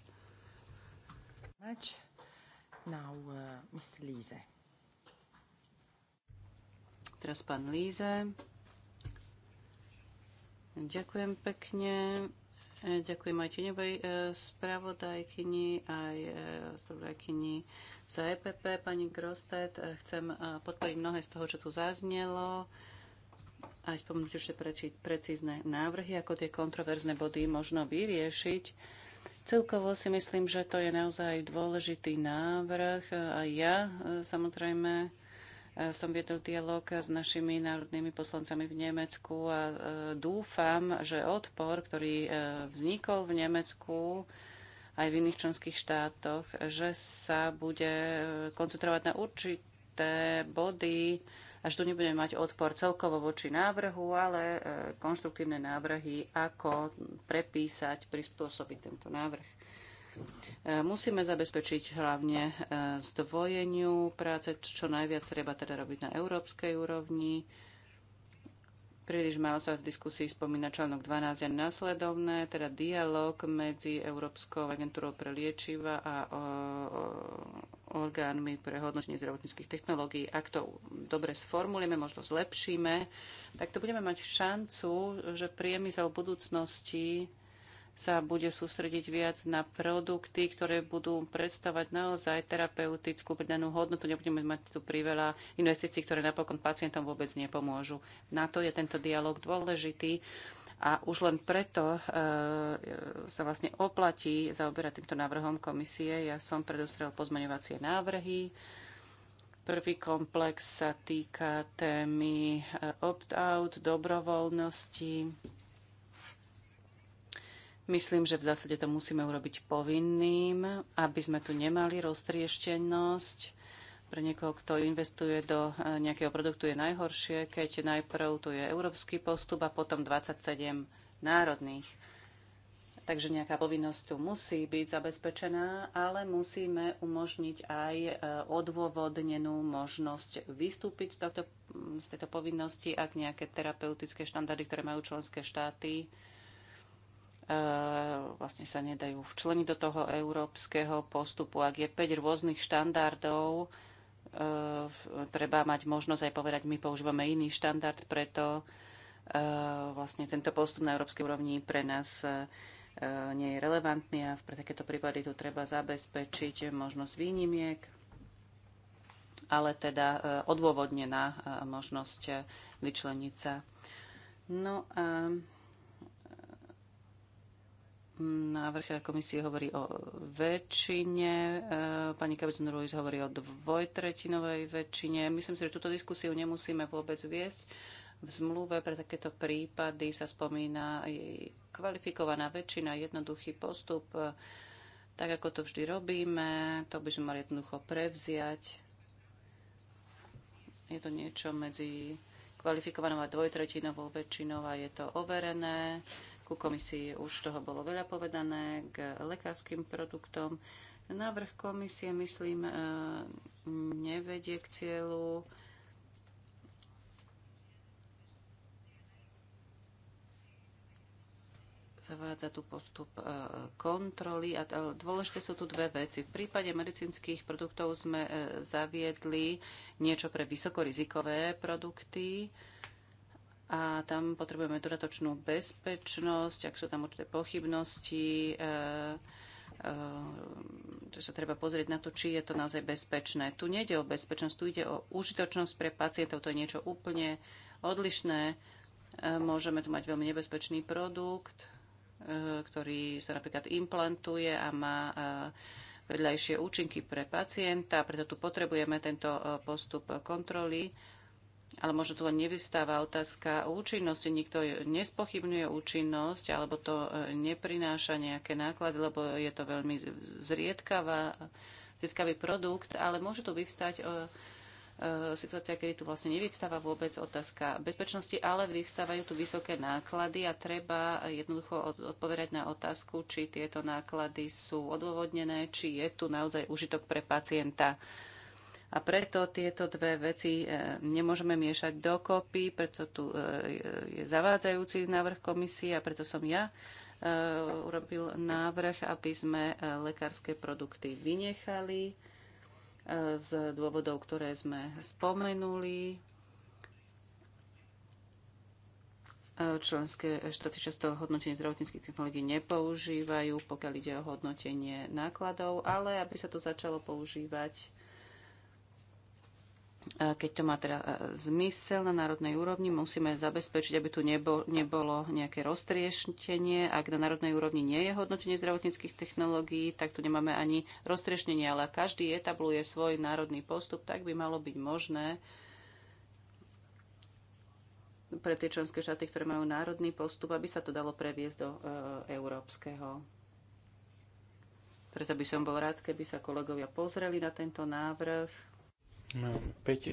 Now, uh, Mr. Teraz pán Líze. Ďakujem pekne. E, ďakujem aj Činevej e, spravodajkyni, aj e, spravodajkyni za EPP, pani Grostet. Chcem podporiť mnohé z toho, čo tu zaznelo aj spomenúť už precízne návrhy, ako tie kontroverzné body možno vyriešiť. Celkovo si myslím, že to je naozaj dôležitý návrh a ja samozrejme E, som viedol dialog s našimi národnými poslancami v Nemecku a e, dúfam, že odpor, ktorý e, vznikol v Nemecku, aj v iných členských štátoch, že sa bude koncentrovať na určité body, až tu nebudeme mať odpor celkovo voči návrhu, ale konštruktívne návrhy, ako prepísať, prispôsobiť tento návrh. Eh, musíme zabezpečiť hlavne eh, zdvojeniu práce, čo najviac treba teda robiť na európskej úrovni. Príliš málo sa v diskusii spomína článok 12 a následovné, teda dialog medzi Európskou agentúrou pre liečiva a o, o, orgánmi pre hodnotenie zdravotníckých technológií. Ak to dobre sformulujeme, možno zlepšíme, tak to budeme mať šancu, že priemysel budúcnosti sa bude sústrediť viac na produkty, ktoré budú predstavať naozaj terapeutickú pridanú hodnotu. Nebudeme mať tu priveľa investícií, ktoré napokon pacientom vôbec nepomôžu. Na to je tento dialog dôležitý. A už len preto e, e sa vlastne oplatí zaoberať týmto návrhom komisie. Ja som predostrel pozmeňovacie návrhy. Prvý komplex sa týka témy e, opt-out, dobrovoľnosti. Myslím, že v zásade to musíme urobiť povinným, aby sme tu nemali roztrieštenosť. Pre niekoho, kto investuje do eh, nejakého produktu, je najhoršie, keď najprv tu je európsky postup a potom 27 národných. Takže nejaká povinnosť tu musí byť zabezpečená, ale musíme umožniť aj eh, odôvodnenú možnosť vystúpiť z, tohto, z tejto povinnosti, ak nejaké terapeutické štandardy, ktoré majú členské štáty, E, vlastne sa nedajú včleniť do toho európskeho postupu. Ak je 5 rôznych štandardov, e, treba mať možnosť aj povedať, my používame iný štandard, preto e, vlastne tento postup na európskej úrovni pre nás nie je relevantný a pre takéto prípady tu treba zabezpečiť možnosť výnimiek, ale teda odôvodnená možnosť vyčleniť sa. No a návrh komisie hovorí o väčšine, eh, pani Kabecon Ruiz hovorí o dvojtretinovej väčšine. Myslím si, že túto diskusiu nemusíme vôbec viesť. V zmluve pre takéto prípady sa spomína kvalifikovaná väčšina, jednoduchý postup, tak ako to vždy robíme, to by sme mali jednoducho prevziať. Je to niečo medzi kvalifikovanou a dvojtretinovou väčšinou a je to overené ku komisii už toho bolo veľa povedané, k lekárskym produktom. Návrh komisie, myslím, e, nevedie k cieľu. zavádza tu postup e, kontroly a dôležité sú tu dve veci. V prípade medicínskych produktov sme e, zaviedli niečo pre vysokorizikové produkty, a tam potrebujeme dodatočnú bezpečnosť, ak sú tam určité pochybnosti, e, e, že sa treba pozrieť na to, či je to naozaj bezpečné. Tu nejde o bezpečnosť, tu ide o užitočnosť pre pacientov, to je niečo úplne odlišné. E, môžeme tu mať veľmi nebezpečný produkt, ktorý sa napríklad implantuje a má vedľajšie účinky pre pacienta, preto tu potrebujeme tento postup kontroly ale možno tu len nevystáva otázka o účinnosti. Nikto nespochybňuje účinnosť, alebo to e, neprináša nejaké náklady, lebo je to veľmi zriedkavá, zriedkavý produkt, ale môže tu vyvstať e, e, situácia, kedy tu vlastne nevyvstáva vôbec otázka bezpečnosti, ale vyvstávajú tu vysoké náklady a treba jednoducho odpovedať na otázku, či tieto náklady sú odôvodnené, či je tu naozaj užitok pre pacienta. A preto tieto dve veci e, nemôžeme miešať dokopy, preto tu e, je zavádzajúci návrh komisie a preto som ja e, urobil návrh, aby sme lekárske produkty vynechali z dôvodov, ktoré sme spomenuli. Členské štáty často hodnotenie zdravotníckých technológií nepoužívajú, pokiaľ ide o hodnotenie nákladov, ale aby sa to začalo používať keď to má teda e, zmysel na národnej úrovni, musíme zabezpečiť, aby tu nebo, nebolo nejaké roztrieštenie. Ak na národnej úrovni nie je hodnotenie zdravotníckých technológií, tak tu nemáme ani roztrieštenie, ale každý etabluje svoj národný postup, tak by malo byť možné pre tie členské štáty, ktoré majú národný postup, aby sa to dalo previesť do e, európskeho. Preto by som bol rád, keby sa kolegovia pozreli na tento návrh 5 no,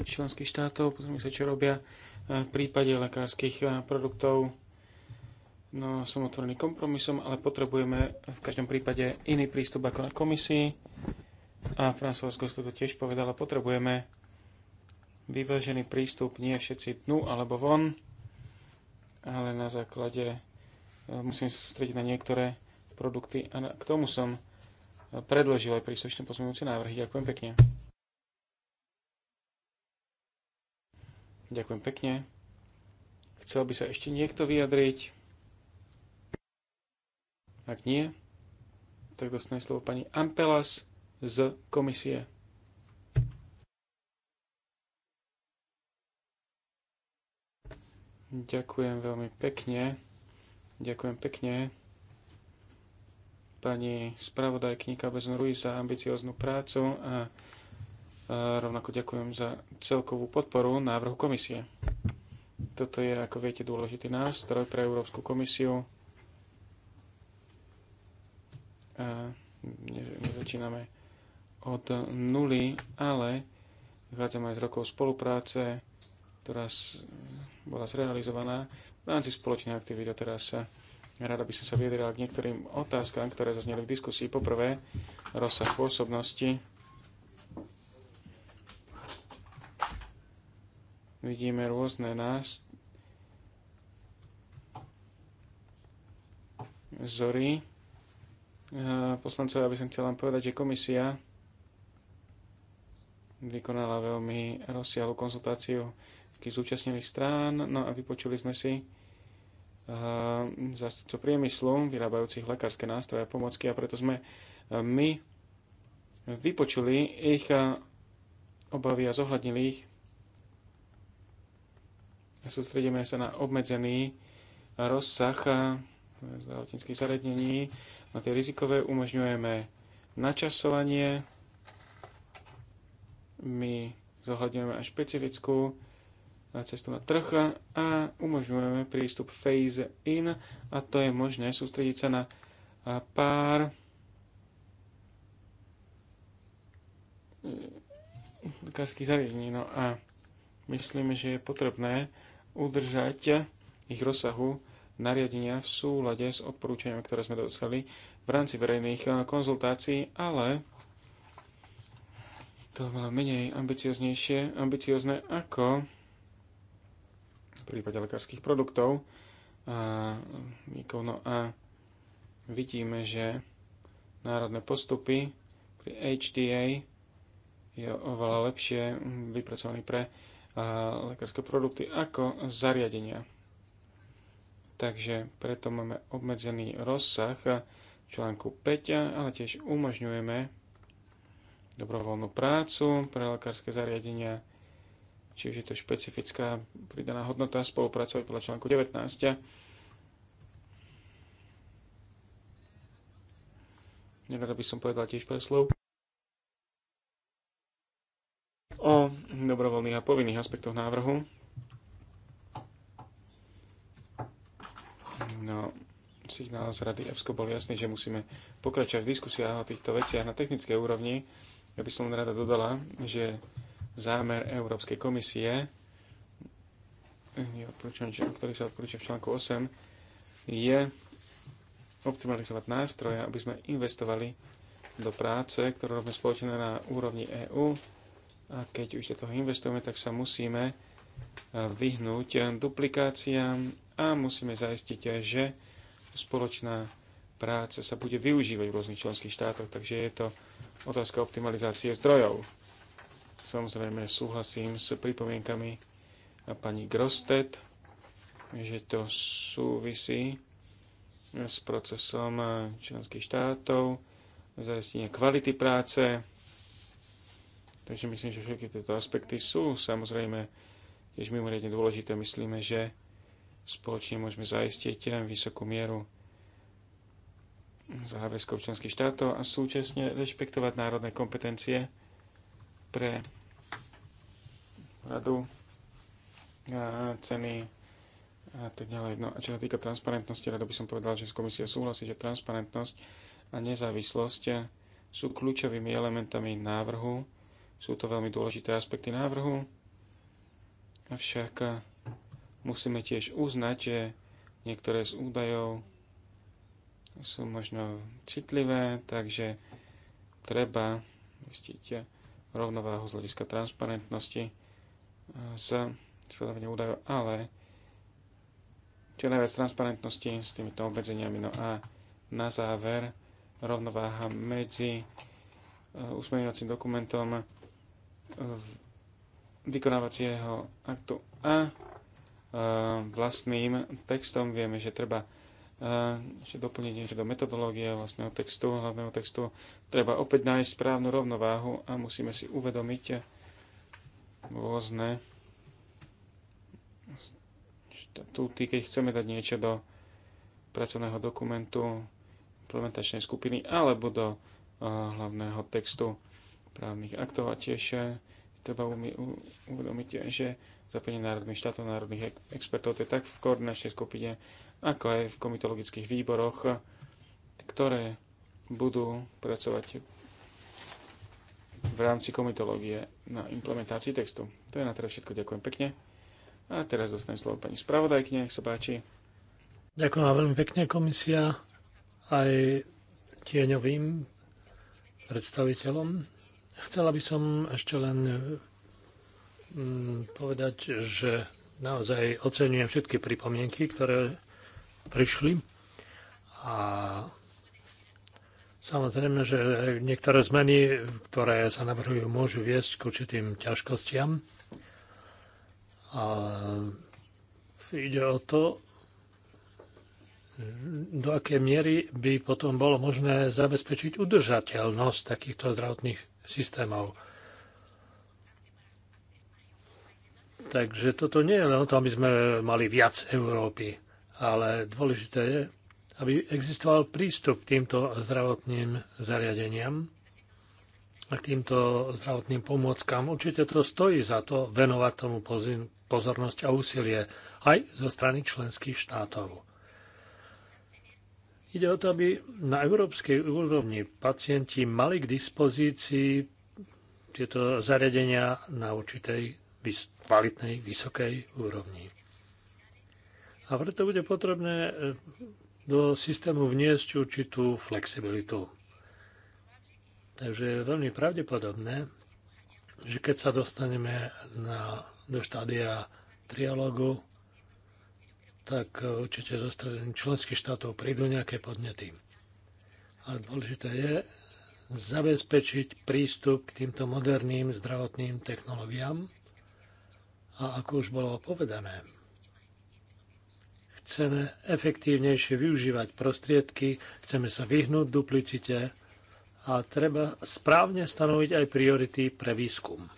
členských štátov, pozrieme sa, čo robia e, v prípade lekárskych e, produktov. No, som otvorený kompromisom, ale potrebujeme v každom prípade iný prístup ako na komisii. A François to tiež povedala, potrebujeme vyvážený prístup, nie všetci dnu alebo von, ale na základe e, musím sa sústrediť na niektoré produkty a k tomu som predložil aj príslušné pozmeňujúce návrhy. Ďakujem pekne. Ďakujem pekne. Chcel by sa ešte niekto vyjadriť? Ak nie, tak dostane slovo pani Ampelas z komisie. Ďakujem veľmi pekne. Ďakujem pekne pani spravodajkníka Bezon Ruiz za ambicióznu prácu a Rovnako ďakujem za celkovú podporu návrhu komisie. Toto je, ako viete, dôležitý nástroj pre Európsku komisiu. nezačíname od nuly, ale vychádzame aj z rokov spolupráce, ktorá bola zrealizovaná v rámci spoločnej aktivity. Teraz rada by som sa vyjadrila k niektorým otázkam, ktoré zazneli v diskusii. Poprvé, rozsah pôsobnosti vidíme rôzne nás zory poslancov, aby som chcel vám povedať, že komisia vykonala veľmi rozsiahlu konzultáciu zúčastnených strán, no a vypočuli sme si zástupcov priemyslu, vyrábajúcich lekárske nástroje a pomocky a preto sme my vypočuli ich obavy a zohľadnili ich Sústredíme sa na obmedzený rozsah eh, zdravotníckých zariadení, na tie rizikové umožňujeme načasovanie, my zohľadňujeme aj špecifickú eh, cestu na trh a umožňujeme prístup phase in a to je možné sústrediť sa na eh, pár lekárskych zariadení. No a myslíme, že je potrebné udržať ich rozsahu nariadenia v súlade s odporúčaniami, ktoré sme dostali v rámci verejných eh, konzultácií, ale to bolo menej ambicioznejšie, ambiciozne ako v prípade lekárskych produktov. A, no a vidíme, že národné postupy pri HDA je oveľa lepšie vypracovaný pre lekárske produkty ako zariadenia. Takže preto máme obmedzený rozsah článku 5, ale tiež umožňujeme dobrovoľnú prácu pre lekárske zariadenia, čiže je to špecifická pridaná hodnota spolupráca podľa článku 19. Nerada by som povedal tiež pre slov o dobrovoľných a povinných aspektoch návrhu. No, signál z Rady EFSCO bol jasný, že musíme pokračovať v diskusiách o týchto veciach na technickej úrovni. Ja by som rada dodala, že zámer Európskej komisie, ktorý sa odporúča v článku 8, je optimalizovať nástroje, aby sme investovali do práce, ktorú robíme spoločne na úrovni EÚ a keď už do toho investujeme, tak sa musíme e, vyhnúť duplikáciám a musíme zaistiť, že spoločná práca sa bude využívať v rôznych členských štátoch, takže je to otázka optimalizácie zdrojov. Samozrejme súhlasím s pripomienkami pani Grostet, že to súvisí s procesom členských štátov, zaistenie kvality práce, Takže myslím, že všetky tieto aspekty sú samozrejme tiež mimoriadne dôležité. Myslíme, že spoločne môžeme zaistiť vysokú mieru záväzkov členských štátov a súčasne rešpektovať národné kompetencie pre radu a ceny a tak ďalej. No a čo sa týka transparentnosti, rado by som povedal, že komisia súhlasí, že transparentnosť a nezávislosť sú kľúčovými elementami návrhu sú to veľmi dôležité aspekty návrhu, avšak eh, musíme tiež uznať, že niektoré z údajov sú možno citlivé, takže treba zistiť eh, rovnováhu z hľadiska transparentnosti s eh, sledovaním údajov, ale čo najviac transparentnosti s týmito obmedzeniami. No a na záver rovnováha medzi usmerňovacím dokumentom vykonávacieho aktu a e, vlastným textom. Vieme, že treba ešte doplniť niečo do metodológie vlastného textu, hlavného textu. Treba opäť nájsť správnu rovnováhu a musíme si uvedomiť rôzne štatúty, keď chceme dať niečo do pracovného dokumentu implementačnej skupiny alebo do e, hlavného textu právnych aktov a tiež eh, treba uvedomiť, eh, že zapojenie národných štátov, národných expertov, to je tak v koordinačnej skupine, ako aj v komitologických výboroch, ktoré budú pracovať v rámci komitológie na implementácii textu. To je na teraz všetko. Ďakujem pekne. A teraz dostanem slovo pani spravodajkne, nech sa páči. Ďakujem veľmi pekne komisia aj tieňovým predstaviteľom Chcela by som ešte len e, povedať, že naozaj oceňujem všetky pripomienky, ktoré prišli. A samozrejme, že niektoré zmeny, ktoré sa navrhujú, môžu viesť k určitým ťažkostiam. A ide o to, do akej miery by potom bolo možné zabezpečiť udržateľnosť takýchto zdravotných systémov. Takže toto nie je len o to, aby sme mali viac Európy, ale dôležité je, aby existoval prístup k týmto zdravotným zariadeniam a k týmto zdravotným pomôckam. Určite to stojí za to venovať tomu pozornosť a úsilie aj zo strany členských štátov. Ide o to, aby na európskej úrovni pacienti mali k dispozícii tieto zariadenia na určitej kvalitnej, vysokej úrovni. A preto bude potrebné e, do systému vniesť určitú flexibilitu. Takže je veľmi pravdepodobné, že keď sa dostaneme na, do štádia trialógu, tak e, určite zo strany členských štátov prídu nejaké podnety. Ale dôležité je zabezpečiť prístup k týmto moderným zdravotným technológiám a ako už bolo povedané, chceme efektívnejšie využívať prostriedky, chceme sa vyhnúť duplicite a treba správne stanoviť aj priority pre výskum.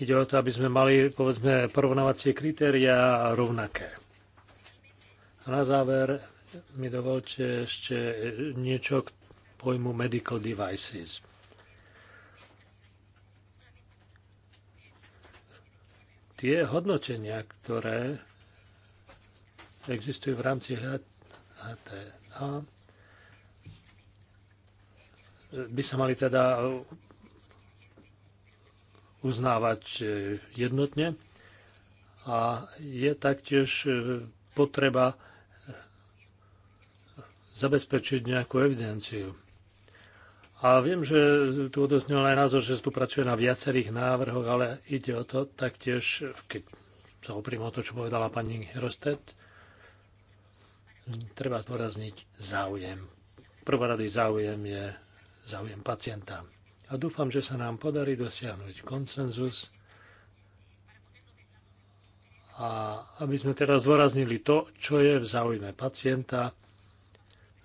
Ide o to, aby sme mali, povedzme, porovnávacie kritéria rovnaké. A na záver mi dovolte ešte niečo k pojmu medical devices. Tie hodnotenia, ktoré existujú v rámci HTA, by sa mali teda uznávať e, jednotne a je taktiež e, potreba e, zabezpečiť nejakú evidenciu. A viem, že tu odoznel aj názor, že tu pracuje na viacerých návrhoch, ale ide o to taktiež, keď sa oprím o to, čo povedala pani Rostet, treba zdôrazniť záujem. Prvorady záujem je záujem pacienta a dúfam, že sa nám podarí dosiahnuť konsenzus a aby sme teraz zdôraznili to, čo je v záujme pacienta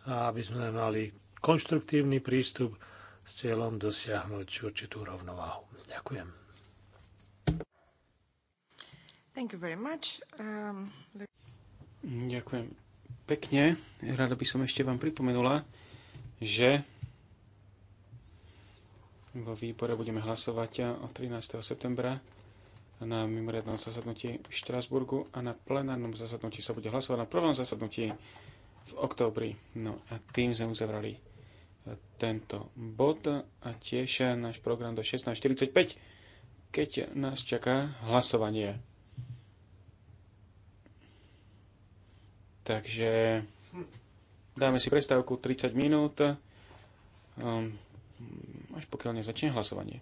a aby sme mali konštruktívny prístup s cieľom dosiahnuť určitú rovnováhu. Ďakujem. Thank you very much. Um... Ďakujem pekne. Rada by som ešte vám pripomenula, že vo výbore budeme hlasovať o 13. septembra na mimoriadnom zasadnutí v Štrasburgu a na plenárnom zasadnutí sa bude hlasovať na prvom zasadnutí v októbri. No a tým sme uzavrali e, tento bod a tiež náš program do 16.45, keď nás čaká hlasovanie. Takže dáme si prestávku 30 minút. Ehm, až pokiaľ nezačne hlasovanie.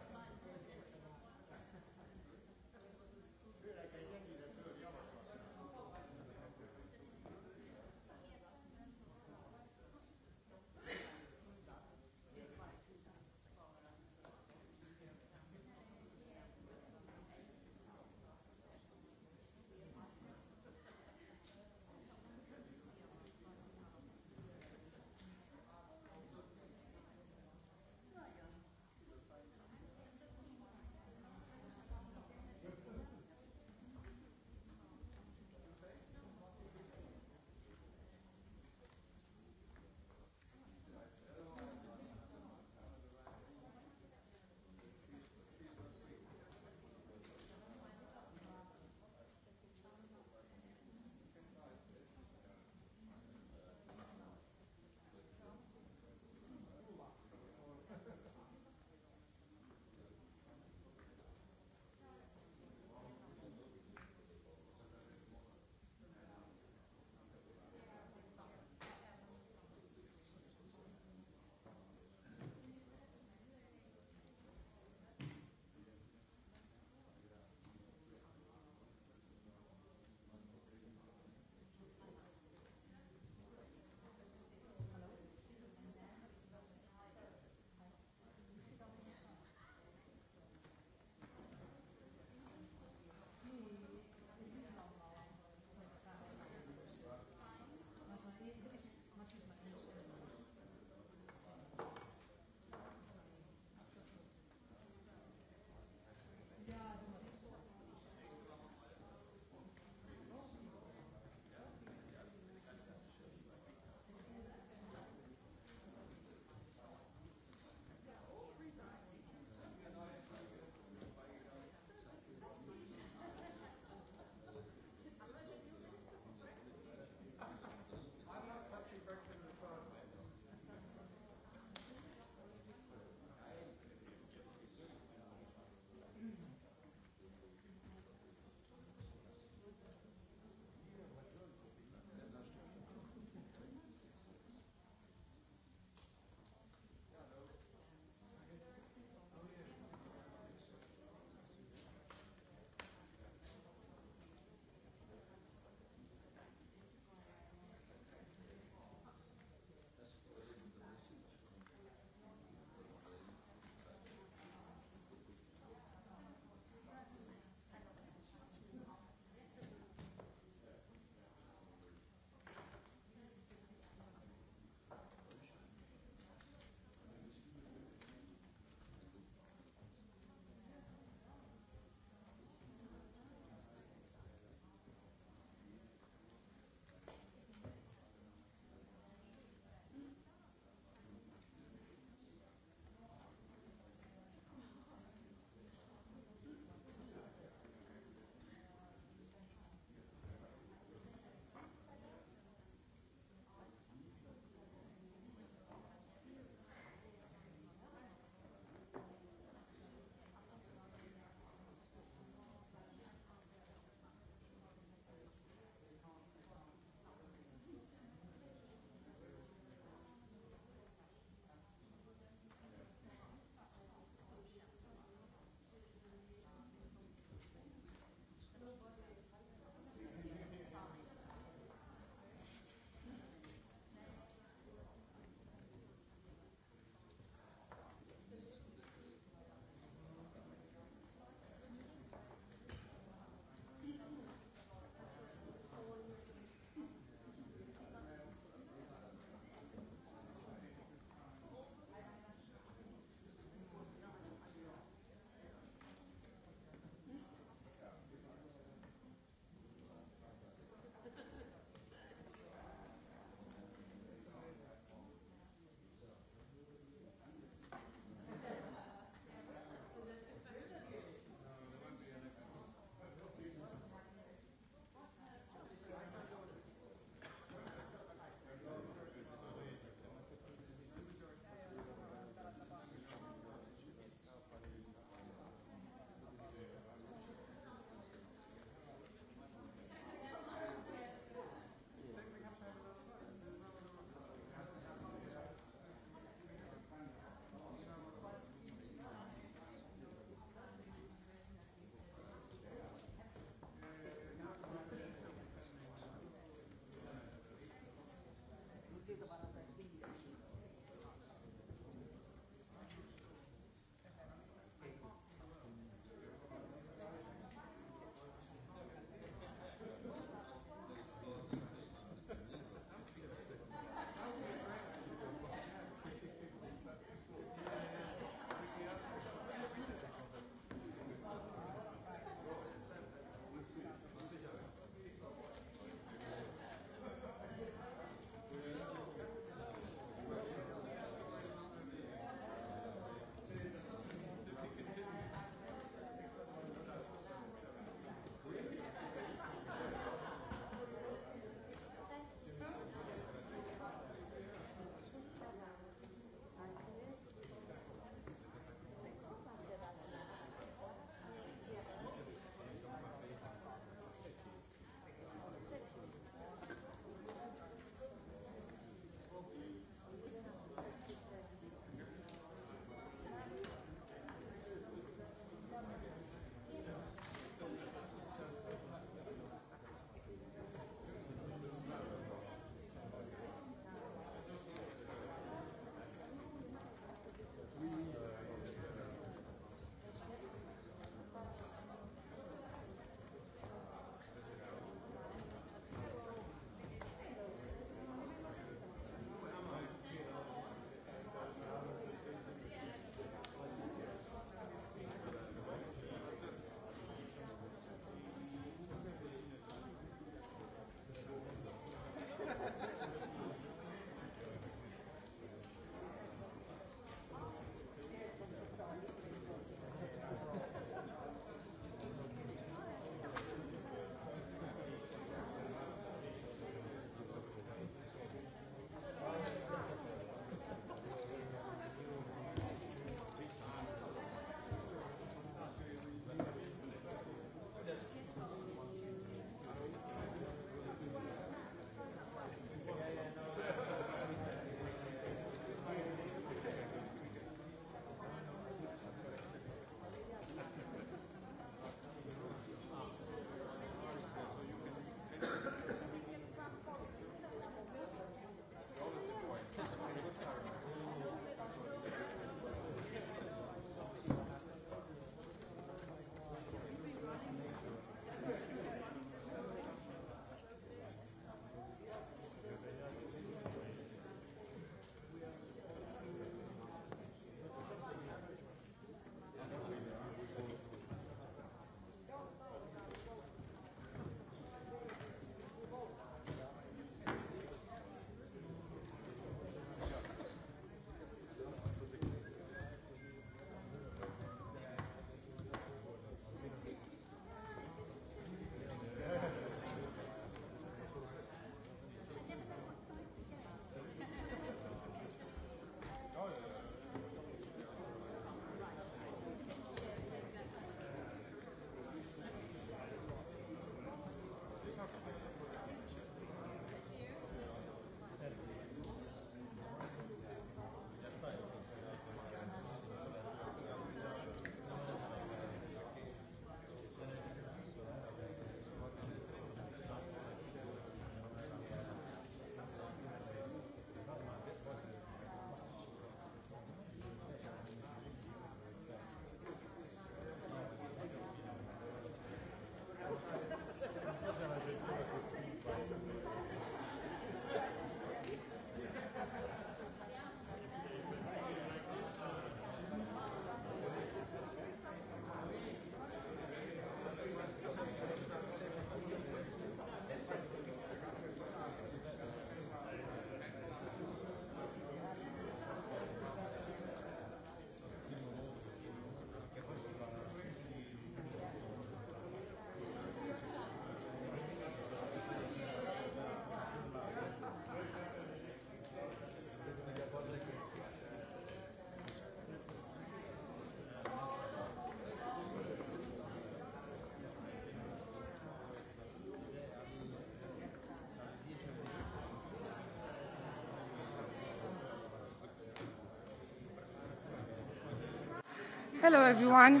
Hello everyone.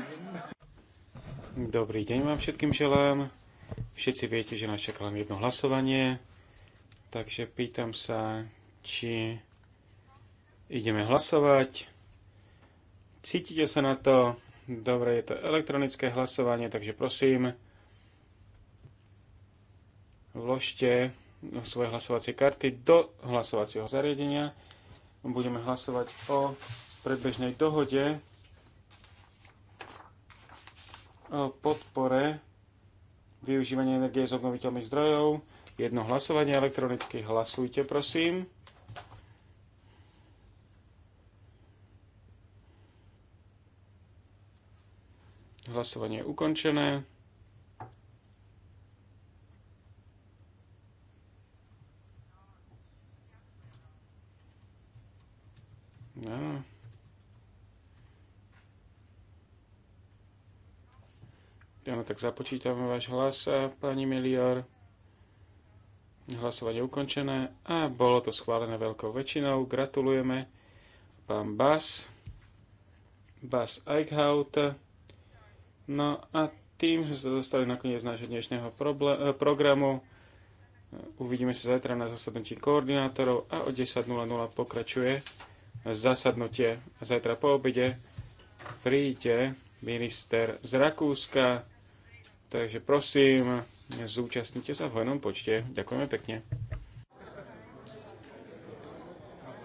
Dobrý deň vám všetkým želám. Všetci viete, že nás čaká len jedno hlasovanie, takže pýtam sa, či ideme hlasovať. Cítite sa na to? Dobre, je to elektronické hlasovanie, takže prosím, vložte svoje hlasovacie karty do hlasovacieho zariadenia. Budeme hlasovať o predbežnej dohode podpore využívania energie z obnoviteľných zdrojov. Jedno hlasovanie elektronicky. Hlasujte, prosím. Hlasovanie je ukončené. tak započítame váš hlas, e, pani Melior. Hlasovanie ukončené a bolo to schválené veľkou väčšinou. Gratulujeme pán Bas, Bas Eichhout. No a tým sme sa dostali nakoniec nášho dnešného e, programu. Uvidíme sa zajtra na zasadnutí koordinátorov a o 10.00 pokračuje zasadnutie. Zajtra po obede príde minister z Rakúska, Takže prosím, zúčastnite sa v hojnom počte. Ďakujeme pekne.